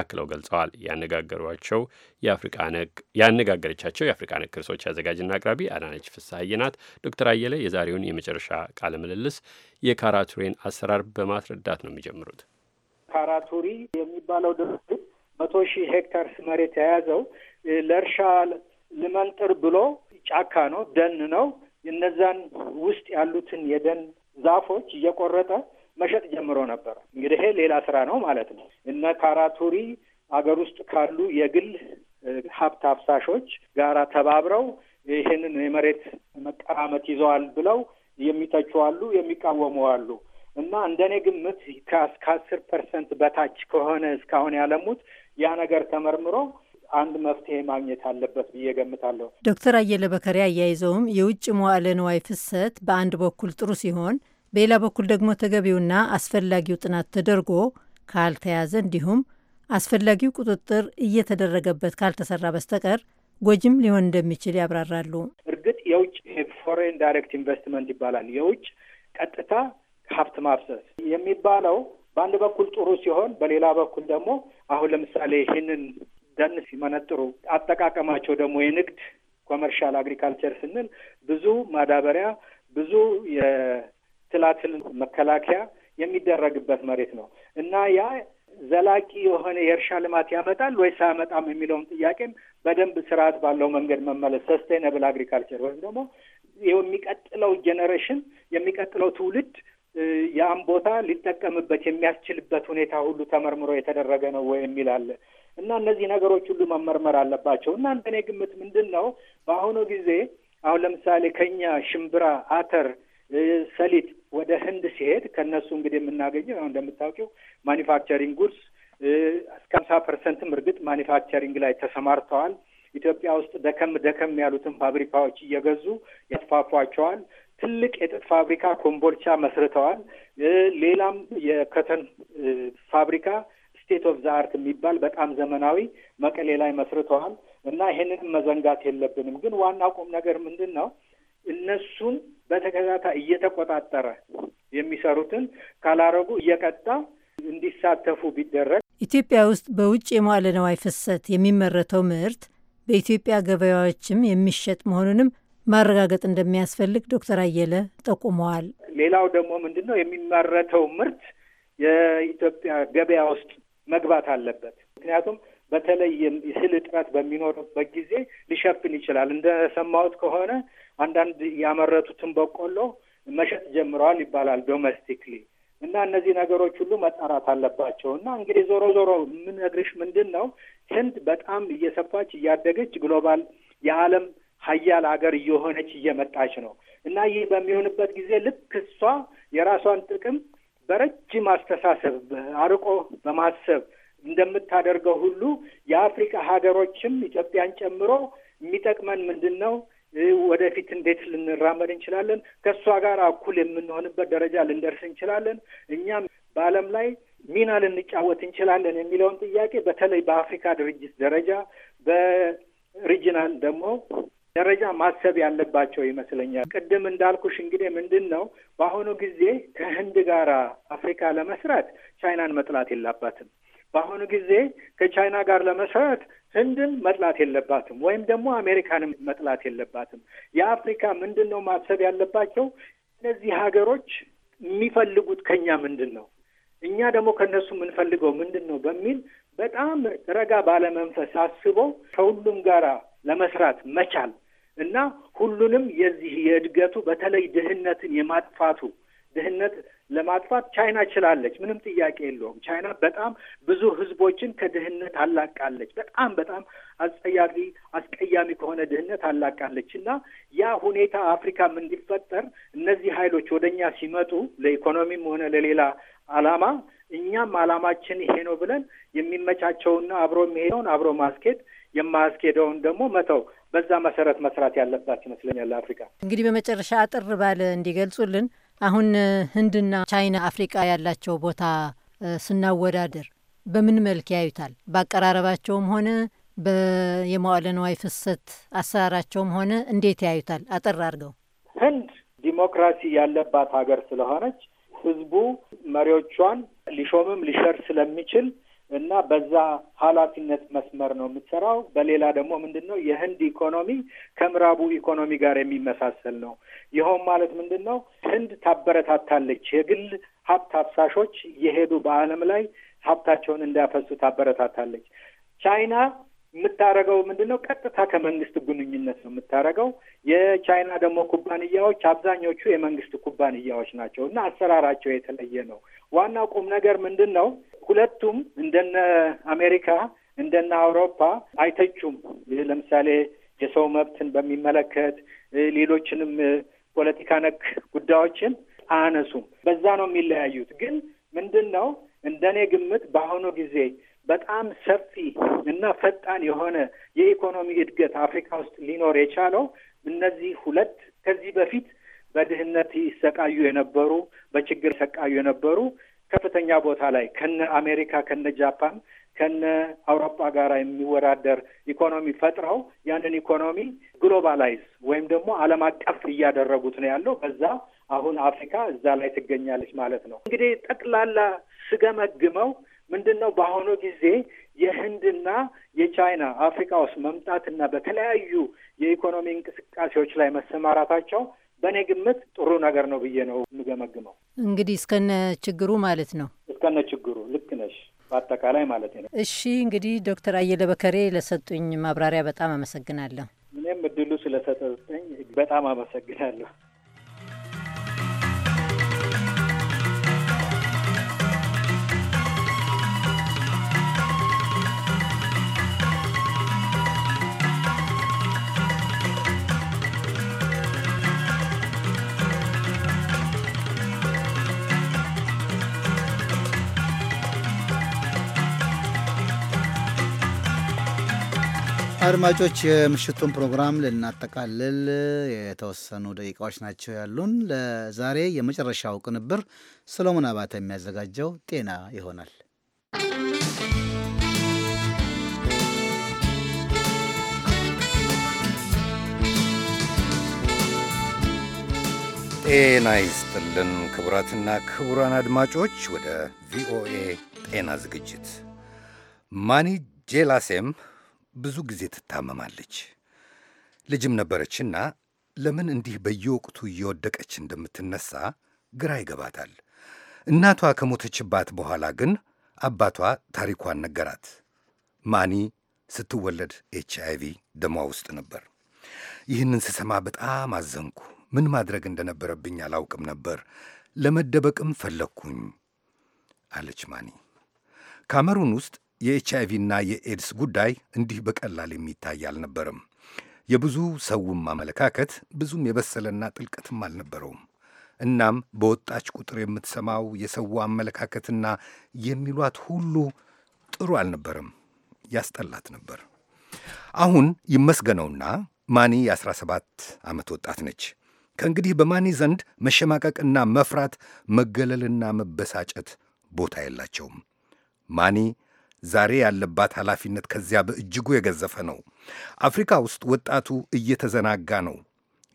አክለው ገልጸዋል። ያነጋገሯቸው ያነጋገረቻቸው የአፍሪቃ ነክ ርዕሶች አዘጋጅና አቅራቢ አዳነች ፍስሐዬ ናት። ዶክተር አየለ የዛሬውን የመጨረሻ ቃለ ምልልስ የካራቱሬን አሰራር በማስረዳት ነው የሚጀምሩት። ካራቱሪ የሚባለው ድርጅት መቶ ሺህ ሄክታር መሬት የያዘው ለእርሻ ልመንጥር ብሎ ጫካ ነው፣ ደን ነው። እነዛን ውስጥ ያሉትን የደን ዛፎች እየቆረጠ መሸጥ ጀምሮ ነበር። እንግዲህ ይሄ ሌላ ስራ ነው ማለት ነው። እነ ካራቱሪ አገር ውስጥ ካሉ የግል ሀብት አፍሳሾች ጋራ ተባብረው ይህንን የመሬት መቀራመት ይዘዋል ብለው የሚተቹ አሉ፣ የሚቃወሙ አሉ። እና እንደኔ ግምት ከአስር ፐርሰንት በታች ከሆነ እስካሁን ያለሙት ያ ነገር ተመርምሮ አንድ መፍትሄ ማግኘት አለበት ብዬ ገምታለሁ። ዶክተር አየለ በከሪ አያይዘውም የውጭ መዋዕለ ንዋይ ፍሰት በአንድ በኩል ጥሩ ሲሆን በሌላ በኩል ደግሞ ተገቢውና አስፈላጊው ጥናት ተደርጎ ካልተያዘ እንዲሁም አስፈላጊው ቁጥጥር እየተደረገበት ካልተሰራ በስተቀር ጎጂም ሊሆን እንደሚችል ያብራራሉ። እርግጥ የውጭ ፎሬን ዳይሬክት ኢንቨስትመንት ይባላል። የውጭ ቀጥታ ሀብት ማፍሰስ የሚባለው በአንድ በኩል ጥሩ ሲሆን፣ በሌላ በኩል ደግሞ አሁን ለምሳሌ ይህንን ደን ሲመነጥሩ አጠቃቀማቸው ደግሞ የንግድ ኮመርሻል አግሪካልቸር ስንል ብዙ ማዳበሪያ ብዙ ትላትል መከላከያ የሚደረግበት መሬት ነው እና ያ ዘላቂ የሆነ የእርሻ ልማት ያመጣል ወይስ አያመጣም የሚለውን ጥያቄም በደንብ ስርዓት ባለው መንገድ መመለስ ሰስቴነብል አግሪካልቸር ወይም ደግሞ የሚቀጥለው ጄኔሬሽን የሚቀጥለው ትውልድ ያን ቦታ ሊጠቀምበት የሚያስችልበት ሁኔታ ሁሉ ተመርምሮ የተደረገ ነው ወይ የሚል አለ እና እነዚህ ነገሮች ሁሉ መመርመር አለባቸው እና እንደኔ ግምት ምንድን ነው በአሁኑ ጊዜ አሁን ለምሳሌ ከኛ ሽምብራ፣ አተር ሰሊጥ ወደ ህንድ ሲሄድ ከእነሱ እንግዲህ የምናገኘው ያው እንደምታውቂው ማኒፋክቸሪንግ ጉድስ እስከ ሀምሳ ፐርሰንትም እርግጥ ማኒፋክቸሪንግ ላይ ተሰማርተዋል። ኢትዮጵያ ውስጥ ደከም ደከም ያሉትን ፋብሪካዎች እየገዙ ያስፋፏቸዋል። ትልቅ የጥጥ ፋብሪካ ኮምቦልቻ መስርተዋል። ሌላም የከተን ፋብሪካ ስቴት ኦፍ ዘ አርት የሚባል በጣም ዘመናዊ መቀሌ ላይ መስርተዋል እና ይሄንንም መዘንጋት የለብንም። ግን ዋና ቁም ነገር ምንድን ነው? እነሱን በተከታታይ እየተቆጣጠረ የሚሰሩትን ካላረጉ እየቀጣ እንዲሳተፉ ቢደረግ ኢትዮጵያ ውስጥ በውጭ የመዋለ ነዋይ ፍሰት የሚመረተው ምርት በኢትዮጵያ ገበያዎችም የሚሸጥ መሆኑንም ማረጋገጥ እንደሚያስፈልግ ዶክተር አየለ ጠቁመዋል። ሌላው ደግሞ ምንድን ነው የሚመረተው ምርት የኢትዮጵያ ገበያ ውስጥ መግባት አለበት። ምክንያቱም በተለይ ስል እጥረት በሚኖርበት ጊዜ ሊሸፍን ይችላል። እንደሰማሁት ከሆነ አንዳንድ ያመረቱትን በቆሎ መሸጥ ጀምረዋል ይባላል ዶሜስቲክሊ። እና እነዚህ ነገሮች ሁሉ መጣራት አለባቸው። እና እንግዲህ ዞሮ ዞሮ የምነግርሽ ምንድን ነው ህንድ በጣም እየሰፋች እያደገች ግሎባል የዓለም ሀያል ሀገር እየሆነች እየመጣች ነው። እና ይህ በሚሆንበት ጊዜ ልክ እሷ የራሷን ጥቅም በረጅም አስተሳሰብ አርቆ በማሰብ እንደምታደርገው ሁሉ የአፍሪካ ሀገሮችም ኢትዮጵያን ጨምሮ የሚጠቅመን ምንድን ነው ወደፊት እንዴት ልንራመድ እንችላለን፣ ከእሷ ጋር እኩል የምንሆንበት ደረጃ ልንደርስ እንችላለን፣ እኛም በዓለም ላይ ሚና ልንጫወት እንችላለን የሚለውን ጥያቄ በተለይ በአፍሪካ ድርጅት ደረጃ በሪጅናል ደግሞ ደረጃ ማሰብ ያለባቸው ይመስለኛል። ቅድም እንዳልኩሽ እንግዲህ ምንድን ነው በአሁኑ ጊዜ ከህንድ ጋራ አፍሪካ ለመስራት ቻይናን መጥላት የላባትም። በአሁኑ ጊዜ ከቻይና ጋር ለመስራት ህንድን መጥላት የለባትም ወይም ደግሞ አሜሪካንም መጥላት የለባትም። የአፍሪካ ምንድን ነው ማሰብ ያለባቸው እነዚህ ሀገሮች የሚፈልጉት ከኛ ምንድን ነው፣ እኛ ደግሞ ከእነሱ የምንፈልገው ምንድን ነው በሚል በጣም ረጋ ባለመንፈስ አስበው ከሁሉም ጋር ለመስራት መቻል እና ሁሉንም የዚህ የእድገቱ በተለይ ድህነትን የማጥፋቱ ድህነት ለማጥፋት ቻይና ችላለች። ምንም ጥያቄ የለውም። ቻይና በጣም ብዙ ህዝቦችን ከድህነት አላቃለች። በጣም በጣም አስጸያፊ፣ አስቀያሚ ከሆነ ድህነት አላቃለች እና ያ ሁኔታ አፍሪካም እንዲፈጠር እነዚህ ሀይሎች ወደ እኛ ሲመጡ ለኢኮኖሚም ሆነ ለሌላ አላማ እኛም አላማችን ይሄ ነው ብለን የሚመቻቸውና አብሮ የሚሄደውን አብሮ ማስኬድ የማያስኬደውን ደግሞ መተው በዛ መሰረት መስራት ያለባት ይመስለኛል አፍሪካ። እንግዲህ በመጨረሻ አጥር ባለ እንዲገልጹልን አሁን ህንድና ቻይና አፍሪቃ ያላቸው ቦታ ስናወዳደር በምን መልክ ያዩታል? በአቀራረባቸውም ሆነ የመዋለ ንዋይ ፍሰት አሰራራቸውም ሆነ እንዴት ያዩታል? አጠር አድርገው። ህንድ ዲሞክራሲ ያለባት ሀገር ስለሆነች ህዝቡ መሪዎቿን ሊሾምም ሊሸር ስለሚችል እና በዛ ኃላፊነት መስመር ነው የምትሰራው። በሌላ ደግሞ ምንድን ነው የህንድ ኢኮኖሚ ከምዕራቡ ኢኮኖሚ ጋር የሚመሳሰል ነው። ይኸውም ማለት ምንድን ነው ህንድ ታበረታታለች። የግል ሀብት አፍሳሾች የሄዱ በዓለም ላይ ሀብታቸውን እንዲያፈሱ ታበረታታለች። ቻይና የምታደረገው ምንድን ነው? ቀጥታ ከመንግስት ግንኙነት ነው የምታደረገው። የቻይና ደግሞ ኩባንያዎች አብዛኞቹ የመንግስት ኩባንያዎች ናቸው እና አሰራራቸው የተለየ ነው። ዋናው ቁም ነገር ምንድን ነው? ሁለቱም እንደነ አሜሪካ እንደነ አውሮፓ አይተቹም። ለምሳሌ የሰው መብትን በሚመለከት ሌሎችንም ፖለቲካ ነክ ጉዳዮችን አያነሱም። በዛ ነው የሚለያዩት። ግን ምንድን ነው እንደኔ ግምት በአሁኑ ጊዜ በጣም ሰፊ እና ፈጣን የሆነ የኢኮኖሚ እድገት አፍሪካ ውስጥ ሊኖር የቻለው እነዚህ ሁለት ከዚህ በፊት በድህነት ይሰቃዩ የነበሩ በችግር ይሰቃዩ የነበሩ ከፍተኛ ቦታ ላይ ከነ አሜሪካ ከነ ጃፓን ከነ አውሮፓ ጋር የሚወዳደር ኢኮኖሚ ፈጥረው ያንን ኢኮኖሚ ግሎባላይዝ ወይም ደግሞ ዓለም አቀፍ እያደረጉት ነው ያለው። በዛ አሁን አፍሪካ እዛ ላይ ትገኛለች ማለት ነው። እንግዲህ ጠቅላላ ስገመግመው ምንድን ነው በአሁኑ ጊዜ የህንድና የቻይና አፍሪካ ውስጥ መምጣትና በተለያዩ የኢኮኖሚ እንቅስቃሴዎች ላይ መሰማራታቸው በእኔ ግምት ጥሩ ነገር ነው ብዬ ነው የምገመግመው። እንግዲህ እስከነ ችግሩ ማለት ነው እስከነ ችግሩ ልክ ነሽ፣ በአጠቃላይ ማለት ነው። እሺ እንግዲህ ዶክተር አየለ በከሬ ለሰጡኝ ማብራሪያ በጣም አመሰግናለሁ። እኔም እድሉ ስለሰጠኝ በጣም አመሰግናለሁ። አድማጮች የምሽቱን ፕሮግራም ልናጠቃልል የተወሰኑ ደቂቃዎች ናቸው ያሉን። ለዛሬ የመጨረሻው ቅንብር ሰሎሞን አባተ የሚያዘጋጀው ጤና ይሆናል። ጤና ይስጥልን ክቡራትና ክቡራን አድማጮች ወደ ቪኦኤ ጤና ዝግጅት ማኒ ጄላሴም ብዙ ጊዜ ትታመማለች። ልጅም ነበረችና ለምን እንዲህ በየወቅቱ እየወደቀች እንደምትነሳ ግራ ይገባታል። እናቷ ከሞተችባት በኋላ ግን አባቷ ታሪኳን ነገራት። ማኒ ስትወለድ ኤች አይ ቪ ደሟ ውስጥ ነበር። ይህንን ስሰማ በጣም አዘንኩ። ምን ማድረግ እንደነበረብኝ አላውቅም ነበር። ለመደበቅም ፈለግኩኝ አለች ማኒ። ካሜሩን ውስጥ አይቪና የኤድስ ጉዳይ እንዲህ በቀላል የሚታይ አልነበርም። የብዙ ሰውም አመለካከት ብዙም የበሰለና ጥልቀትም አልነበረውም። እናም በወጣች ቁጥር የምትሰማው የሰው አመለካከትና የሚሏት ሁሉ ጥሩ አልነበረም፣ ያስጠላት ነበር። አሁን ይመስገነውና ማኒ የ17 ዓመት ወጣት ነች። ከእንግዲህ በማኒ ዘንድ መሸማቀቅና መፍራት፣ መገለልና መበሳጨት ቦታ የላቸውም። ማኒ ዛሬ ያለባት ኃላፊነት ከዚያ በእጅጉ የገዘፈ ነው። አፍሪካ ውስጥ ወጣቱ እየተዘናጋ ነው።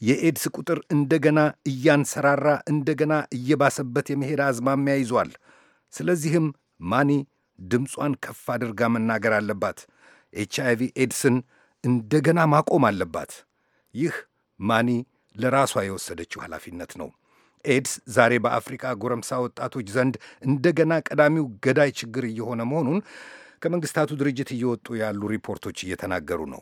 የኤድስ ቁጥር እንደገና እያንሰራራ እንደገና እየባሰበት የመሄድ አዝማሚያ ይዟል። ስለዚህም ማኒ ድምጿን ከፍ አድርጋ መናገር አለባት። ኤች አይቪ ኤድስን እንደገና ማቆም አለባት። ይህ ማኒ ለራሷ የወሰደችው ኃላፊነት ነው። ኤድስ ዛሬ በአፍሪቃ ጎረምሳ ወጣቶች ዘንድ እንደገና ቀዳሚው ገዳይ ችግር እየሆነ መሆኑን ከመንግስታቱ ድርጅት እየወጡ ያሉ ሪፖርቶች እየተናገሩ ነው።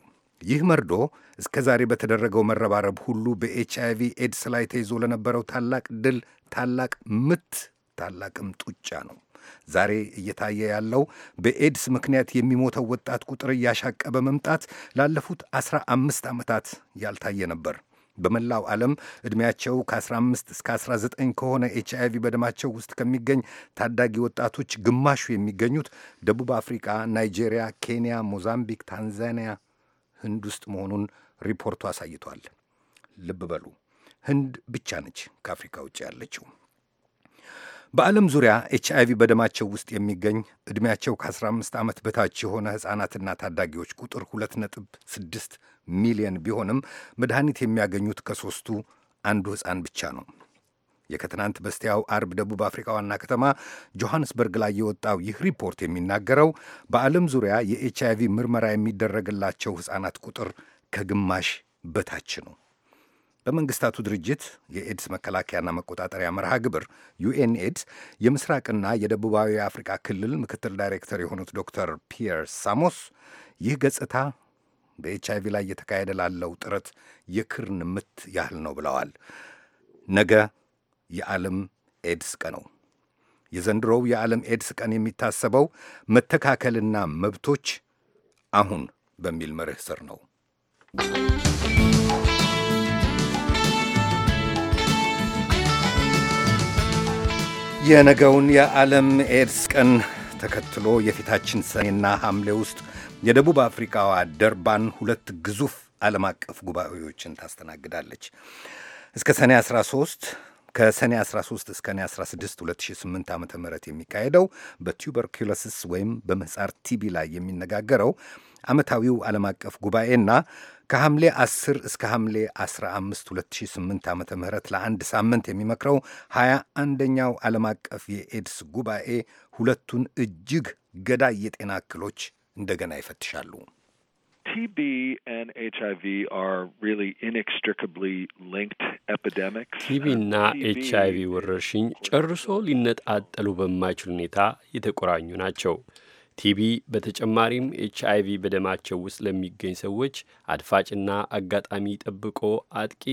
ይህ መርዶ እስከ ዛሬ በተደረገው መረባረብ ሁሉ በኤችአይቪ ኤድስ ላይ ተይዞ ለነበረው ታላቅ ድል፣ ታላቅ ምት፣ ታላቅም ጡጫ ነው። ዛሬ እየታየ ያለው በኤድስ ምክንያት የሚሞተው ወጣት ቁጥር እያሻቀበ መምጣት ላለፉት አስራ አምስት ዓመታት ያልታየ ነበር። በመላው ዓለም ዕድሜያቸው ከ15 እስከ 19 ከሆነ ኤች አይ ቪ በደማቸው ውስጥ ከሚገኝ ታዳጊ ወጣቶች ግማሹ የሚገኙት ደቡብ አፍሪካ፣ ናይጄሪያ፣ ኬንያ፣ ሞዛምቢክ፣ ታንዛኒያ፣ ህንድ ውስጥ መሆኑን ሪፖርቱ አሳይቷል። ልብ በሉ ህንድ ብቻ ነች ከአፍሪካ ውጭ ያለችው። በዓለም ዙሪያ ኤች አይቪ በደማቸው ውስጥ የሚገኝ ዕድሜያቸው ከ15 ዓመት በታች የሆነ ሕፃናትና ታዳጊዎች ቁጥር 2.6 ሚሊዮን ቢሆንም መድኃኒት የሚያገኙት ከሦስቱ አንዱ ሕፃን ብቻ ነው። የከትናንት በስቲያው አርብ ደቡብ አፍሪካ ዋና ከተማ ጆሐንስበርግ ላይ የወጣው ይህ ሪፖርት የሚናገረው በዓለም ዙሪያ የኤች አይቪ ምርመራ የሚደረግላቸው ሕፃናት ቁጥር ከግማሽ በታች ነው። በመንግስታቱ ድርጅት የኤድስ መከላከያና መቆጣጠሪያ መርሃ ግብር ዩኤን ኤድስ የምስራቅና የደቡባዊ አፍሪካ ክልል ምክትል ዳይሬክተር የሆኑት ዶክተር ፒየር ሳሞስ ይህ ገጽታ በኤች አይቪ ላይ እየተካሄደ ላለው ጥረት የክርን ምት ያህል ነው ብለዋል። ነገ የዓለም ኤድስ ቀን ነው። የዘንድሮው የዓለም ኤድስ ቀን የሚታሰበው መተካከልና መብቶች አሁን በሚል መርህ ስር ነው። የነገውን የዓለም ኤድስ ቀን ተከትሎ የፊታችን ሰኔና ሐምሌ ውስጥ የደቡብ አፍሪካዋ ደርባን ሁለት ግዙፍ ዓለም አቀፍ ጉባኤዎችን ታስተናግዳለች። እስከ ሰኔ 13 ከሰኔ 13 እስከ ሰኔ 16 2008 ዓ ም የሚካሄደው በቱበርኩሎስስ ወይም በምህጻር ቲቢ ላይ የሚነጋገረው ዓመታዊው ዓለም አቀፍ ጉባኤና ከሐምሌ 10 እስከ ሐምሌ 15 2008 ዓ ም ለአንድ ሳምንት የሚመክረው 21ኛው ዓለም አቀፍ የኤድስ ጉባኤ ሁለቱን እጅግ ገዳይ የጤና እክሎች እንደገና ይፈትሻሉ። ቲቢ እና HIV are really uh, ኤች አይቪ ወረርሽኝ ጨርሶ ሊነጣጠሉ በማይችል ሁኔታ የተቆራኙ ናቸው። ቲቢ በተጨማሪም ኤች አይቪ በደማቸው ውስጥ ለሚገኝ ሰዎች አድፋጭና አጋጣሚ ጠብቆ አጥቂ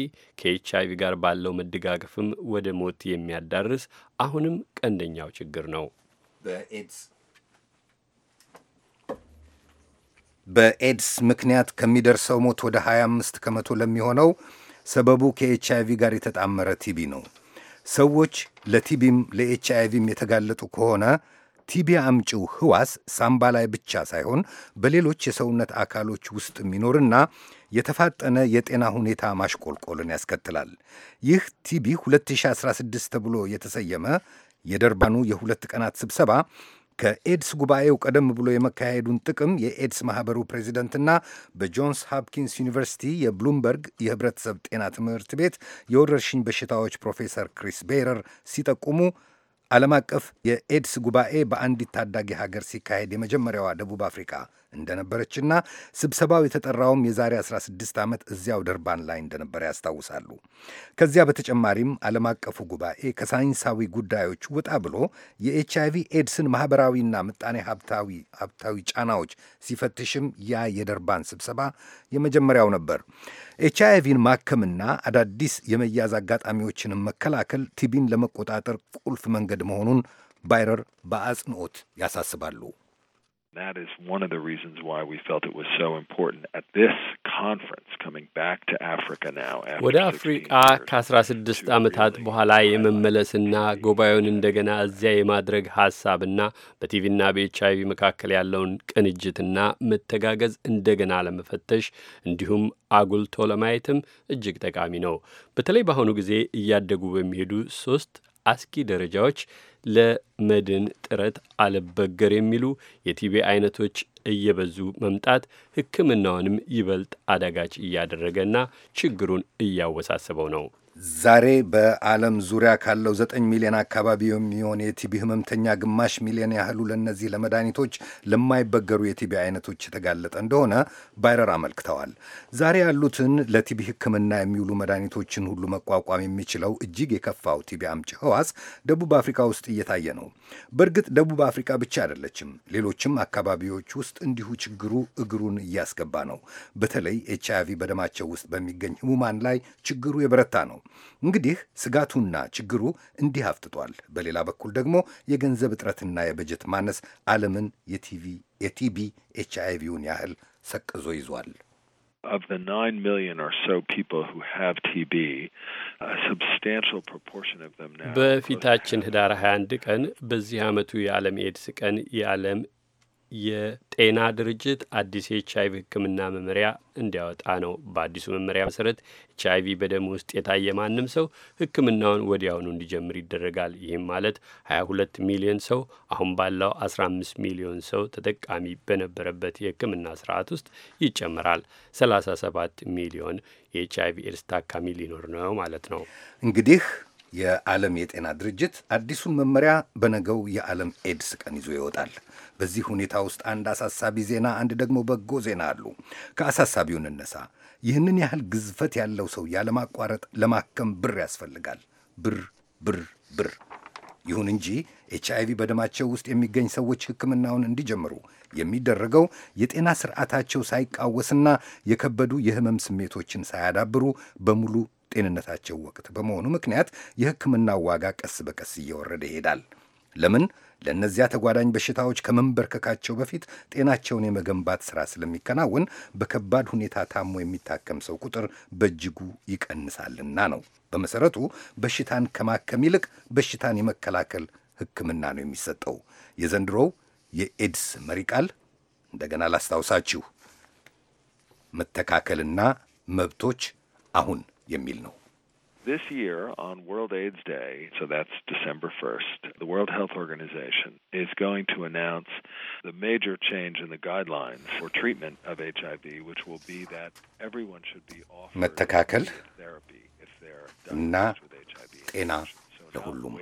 ከኤች አይቪ ጋር ባለው መደጋገፍም ወደ ሞት የሚያዳርስ አሁንም ቀንደኛው ችግር ነው። በኤድስ ምክንያት ከሚደርሰው ሞት ወደ 25 ከመቶ ለሚሆነው ሰበቡ ከኤች አይቪ ጋር የተጣመረ ቲቢ ነው። ሰዎች ለቲቢም ለኤች አይቪም የተጋለጡ ከሆነ ቲቢ አምጪው ህዋስ ሳምባ ላይ ብቻ ሳይሆን በሌሎች የሰውነት አካሎች ውስጥ የሚኖርና የተፋጠነ የጤና ሁኔታ ማሽቆልቆልን ያስከትላል። ይህ ቲቢ 2016 ተብሎ የተሰየመ የደርባኑ የሁለት ቀናት ስብሰባ ከኤድስ ጉባኤው ቀደም ብሎ የመካሄዱን ጥቅም የኤድስ ማኅበሩ ፕሬዚደንትና በጆንስ ሃፕኪንስ ዩኒቨርሲቲ የብሉምበርግ የህብረተሰብ ጤና ትምህርት ቤት የወረርሽኝ በሽታዎች ፕሮፌሰር ክሪስ ቤይረር ሲጠቁሙ ዓለም አቀፍ የኤድስ ጉባኤ በአንዲት ታዳጊ ሀገር ሲካሄድ የመጀመሪያዋ ደቡብ አፍሪካ እንደነበረችና ስብሰባው የተጠራውም የዛሬ 16 ዓመት እዚያው ደርባን ላይ እንደነበረ ያስታውሳሉ። ከዚያ በተጨማሪም ዓለም አቀፉ ጉባኤ ከሳይንሳዊ ጉዳዮች ወጣ ብሎ የኤች አይቪ ኤድስን ማኅበራዊና ምጣኔ ሀብታዊ ሀብታዊ ጫናዎች ሲፈትሽም ያ የደርባን ስብሰባ የመጀመሪያው ነበር። ኤች አይቪን ማከምና አዳዲስ የመያዝ አጋጣሚዎችንም መከላከል ቲቢን ለመቆጣጠር ቁልፍ መንገድ መሆኑን ባይረር በአጽንኦት ያሳስባሉ። That is one of the reasons why we felt it was so important at this conference, coming back to Africa now. ወደ አፍሪቃ ከአስራ ስድስት ዓመታት በኋላ የመመለስና ጉባኤውን እንደገና እዚያ የማድረግ ሀሳብና በቲቪና በኤች አይ መካከል ያለውን ቅንጅትና መተጋገዝ እንደገና ለመፈተሽ እንዲሁም አጉልቶ ለማየትም እጅግ ጠቃሚ ነው። በተለይ በአሁኑ ጊዜ እያደጉ በሚሄዱ ሶስት አስኪ ደረጃዎች ለመድን ጥረት አልበገር የሚሉ የቲቢ አይነቶች እየበዙ መምጣት ሕክምናውንም ይበልጥ አዳጋች እያደረገና ችግሩን እያወሳሰበው ነው። ዛሬ በዓለም ዙሪያ ካለው ዘጠኝ ሚሊዮን አካባቢ የሚሆን የቲቢ ህመምተኛ ግማሽ ሚሊዮን ያህሉ ለእነዚህ ለመድኃኒቶች ለማይበገሩ የቲቢ አይነቶች የተጋለጠ እንደሆነ ባይረር አመልክተዋል። ዛሬ ያሉትን ለቲቢ ሕክምና የሚውሉ መድኃኒቶችን ሁሉ መቋቋም የሚችለው እጅግ የከፋው ቲቢ አምጪ ህዋስ ደቡብ አፍሪካ ውስጥ እየታየ ነው። በእርግጥ ደቡብ አፍሪካ ብቻ አይደለችም። ሌሎችም አካባቢዎች ውስጥ እንዲሁ ችግሩ እግሩን እያስገባ ነው። በተለይ ኤች አይቪ በደማቸው ውስጥ በሚገኝ ህሙማን ላይ ችግሩ የበረታ ነው። እንግዲህ ስጋቱና ችግሩ እንዲህ አፍጥጧል። በሌላ በኩል ደግሞ የገንዘብ እጥረትና የበጀት ማነስ ዓለምን የቲቢ ኤች አይ ቪውን ያህል ሰቅዞ ይዟል። በፊታችን ህዳር 21 ቀን በዚህ ዓመቱ የዓለም ኤድስ ቀን የዓለም የጤና ድርጅት አዲስ የኤች አይቪ ሕክምና መመሪያ እንዲያወጣ ነው። በአዲሱ መመሪያ መሰረት ኤች አይቪ በደም ውስጥ የታየ ማንም ሰው ሕክምናውን ወዲያውኑ እንዲጀምር ይደረጋል። ይህም ማለት 22 ሚሊዮን ሰው አሁን ባለው 15 ሚሊዮን ሰው ተጠቃሚ በነበረበት የሕክምና ስርዓት ውስጥ ይጨመራል። 37 ሚሊዮን የኤች አይቪ ኤድስ ታካሚ ሊኖር ነው ማለት ነው እንግዲህ የዓለም የጤና ድርጅት አዲሱን መመሪያ በነገው የዓለም ኤድስ ቀን ይዞ ይወጣል። በዚህ ሁኔታ ውስጥ አንድ አሳሳቢ ዜና፣ አንድ ደግሞ በጎ ዜና አሉ። ከአሳሳቢው እንነሳ። ይህንን ያህል ግዝፈት ያለው ሰው ያለማቋረጥ ለማከም ብር ያስፈልጋል። ብር፣ ብር፣ ብር። ይሁን እንጂ ኤች አይቪ በደማቸው ውስጥ የሚገኝ ሰዎች ሕክምናውን እንዲጀምሩ የሚደረገው የጤና ስርዓታቸው ሳይቃወስና የከበዱ የህመም ስሜቶችን ሳያዳብሩ በሙሉ ጤንነታቸው ወቅት በመሆኑ ምክንያት የሕክምና ዋጋ ቀስ በቀስ እየወረደ ይሄዳል። ለምን? ለእነዚያ ተጓዳኝ በሽታዎች ከመንበርከካቸው በፊት ጤናቸውን የመገንባት ሥራ ስለሚከናወን በከባድ ሁኔታ ታሞ የሚታከም ሰው ቁጥር በእጅጉ ይቀንሳልና ነው። በመሠረቱ በሽታን ከማከም ይልቅ በሽታን የመከላከል ሕክምና ነው የሚሰጠው። የዘንድሮው የኤድስ መሪ ቃል እንደገና ላስታውሳችሁ፣ መተካከልና መብቶች አሁን This year on World AIDS Day, so that's December 1st, the World Health Organization is going to announce the major change in the guidelines for treatment of HIV, which will be that everyone should be offered therapy if they're diagnosed with HIV. ጤና ለሁሉም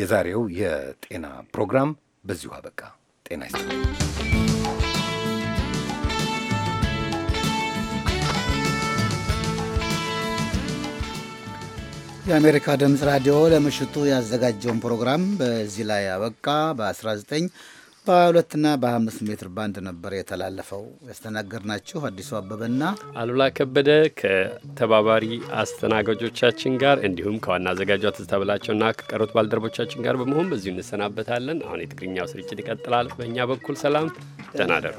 የዛሬው የጤና ፕሮግራም በዚሁ አበቃ። ጤና ይስጥልኝ። የአሜሪካ ድምፅ ራዲዮ ለምሽቱ ያዘጋጀውን ፕሮግራም በዚህ ላይ ያበቃ። በ19 በ22ና በ25 ሜትር ባንድ ነበር የተላለፈው። ያስተናገድናችሁ አዲሱ አበበና አሉላ ከበደ ከተባባሪ አስተናጋጆቻችን ጋር እንዲሁም ከዋና አዘጋጇ ትዝታ ብላቸውና ከቀሩት ባልደረቦቻችን ጋር በመሆን በዚሁ እንሰናበታለን። አሁን የትግርኛው ስርጭት ይቀጥላል። በእኛ በኩል ሰላም፣ ደህና እደሩ።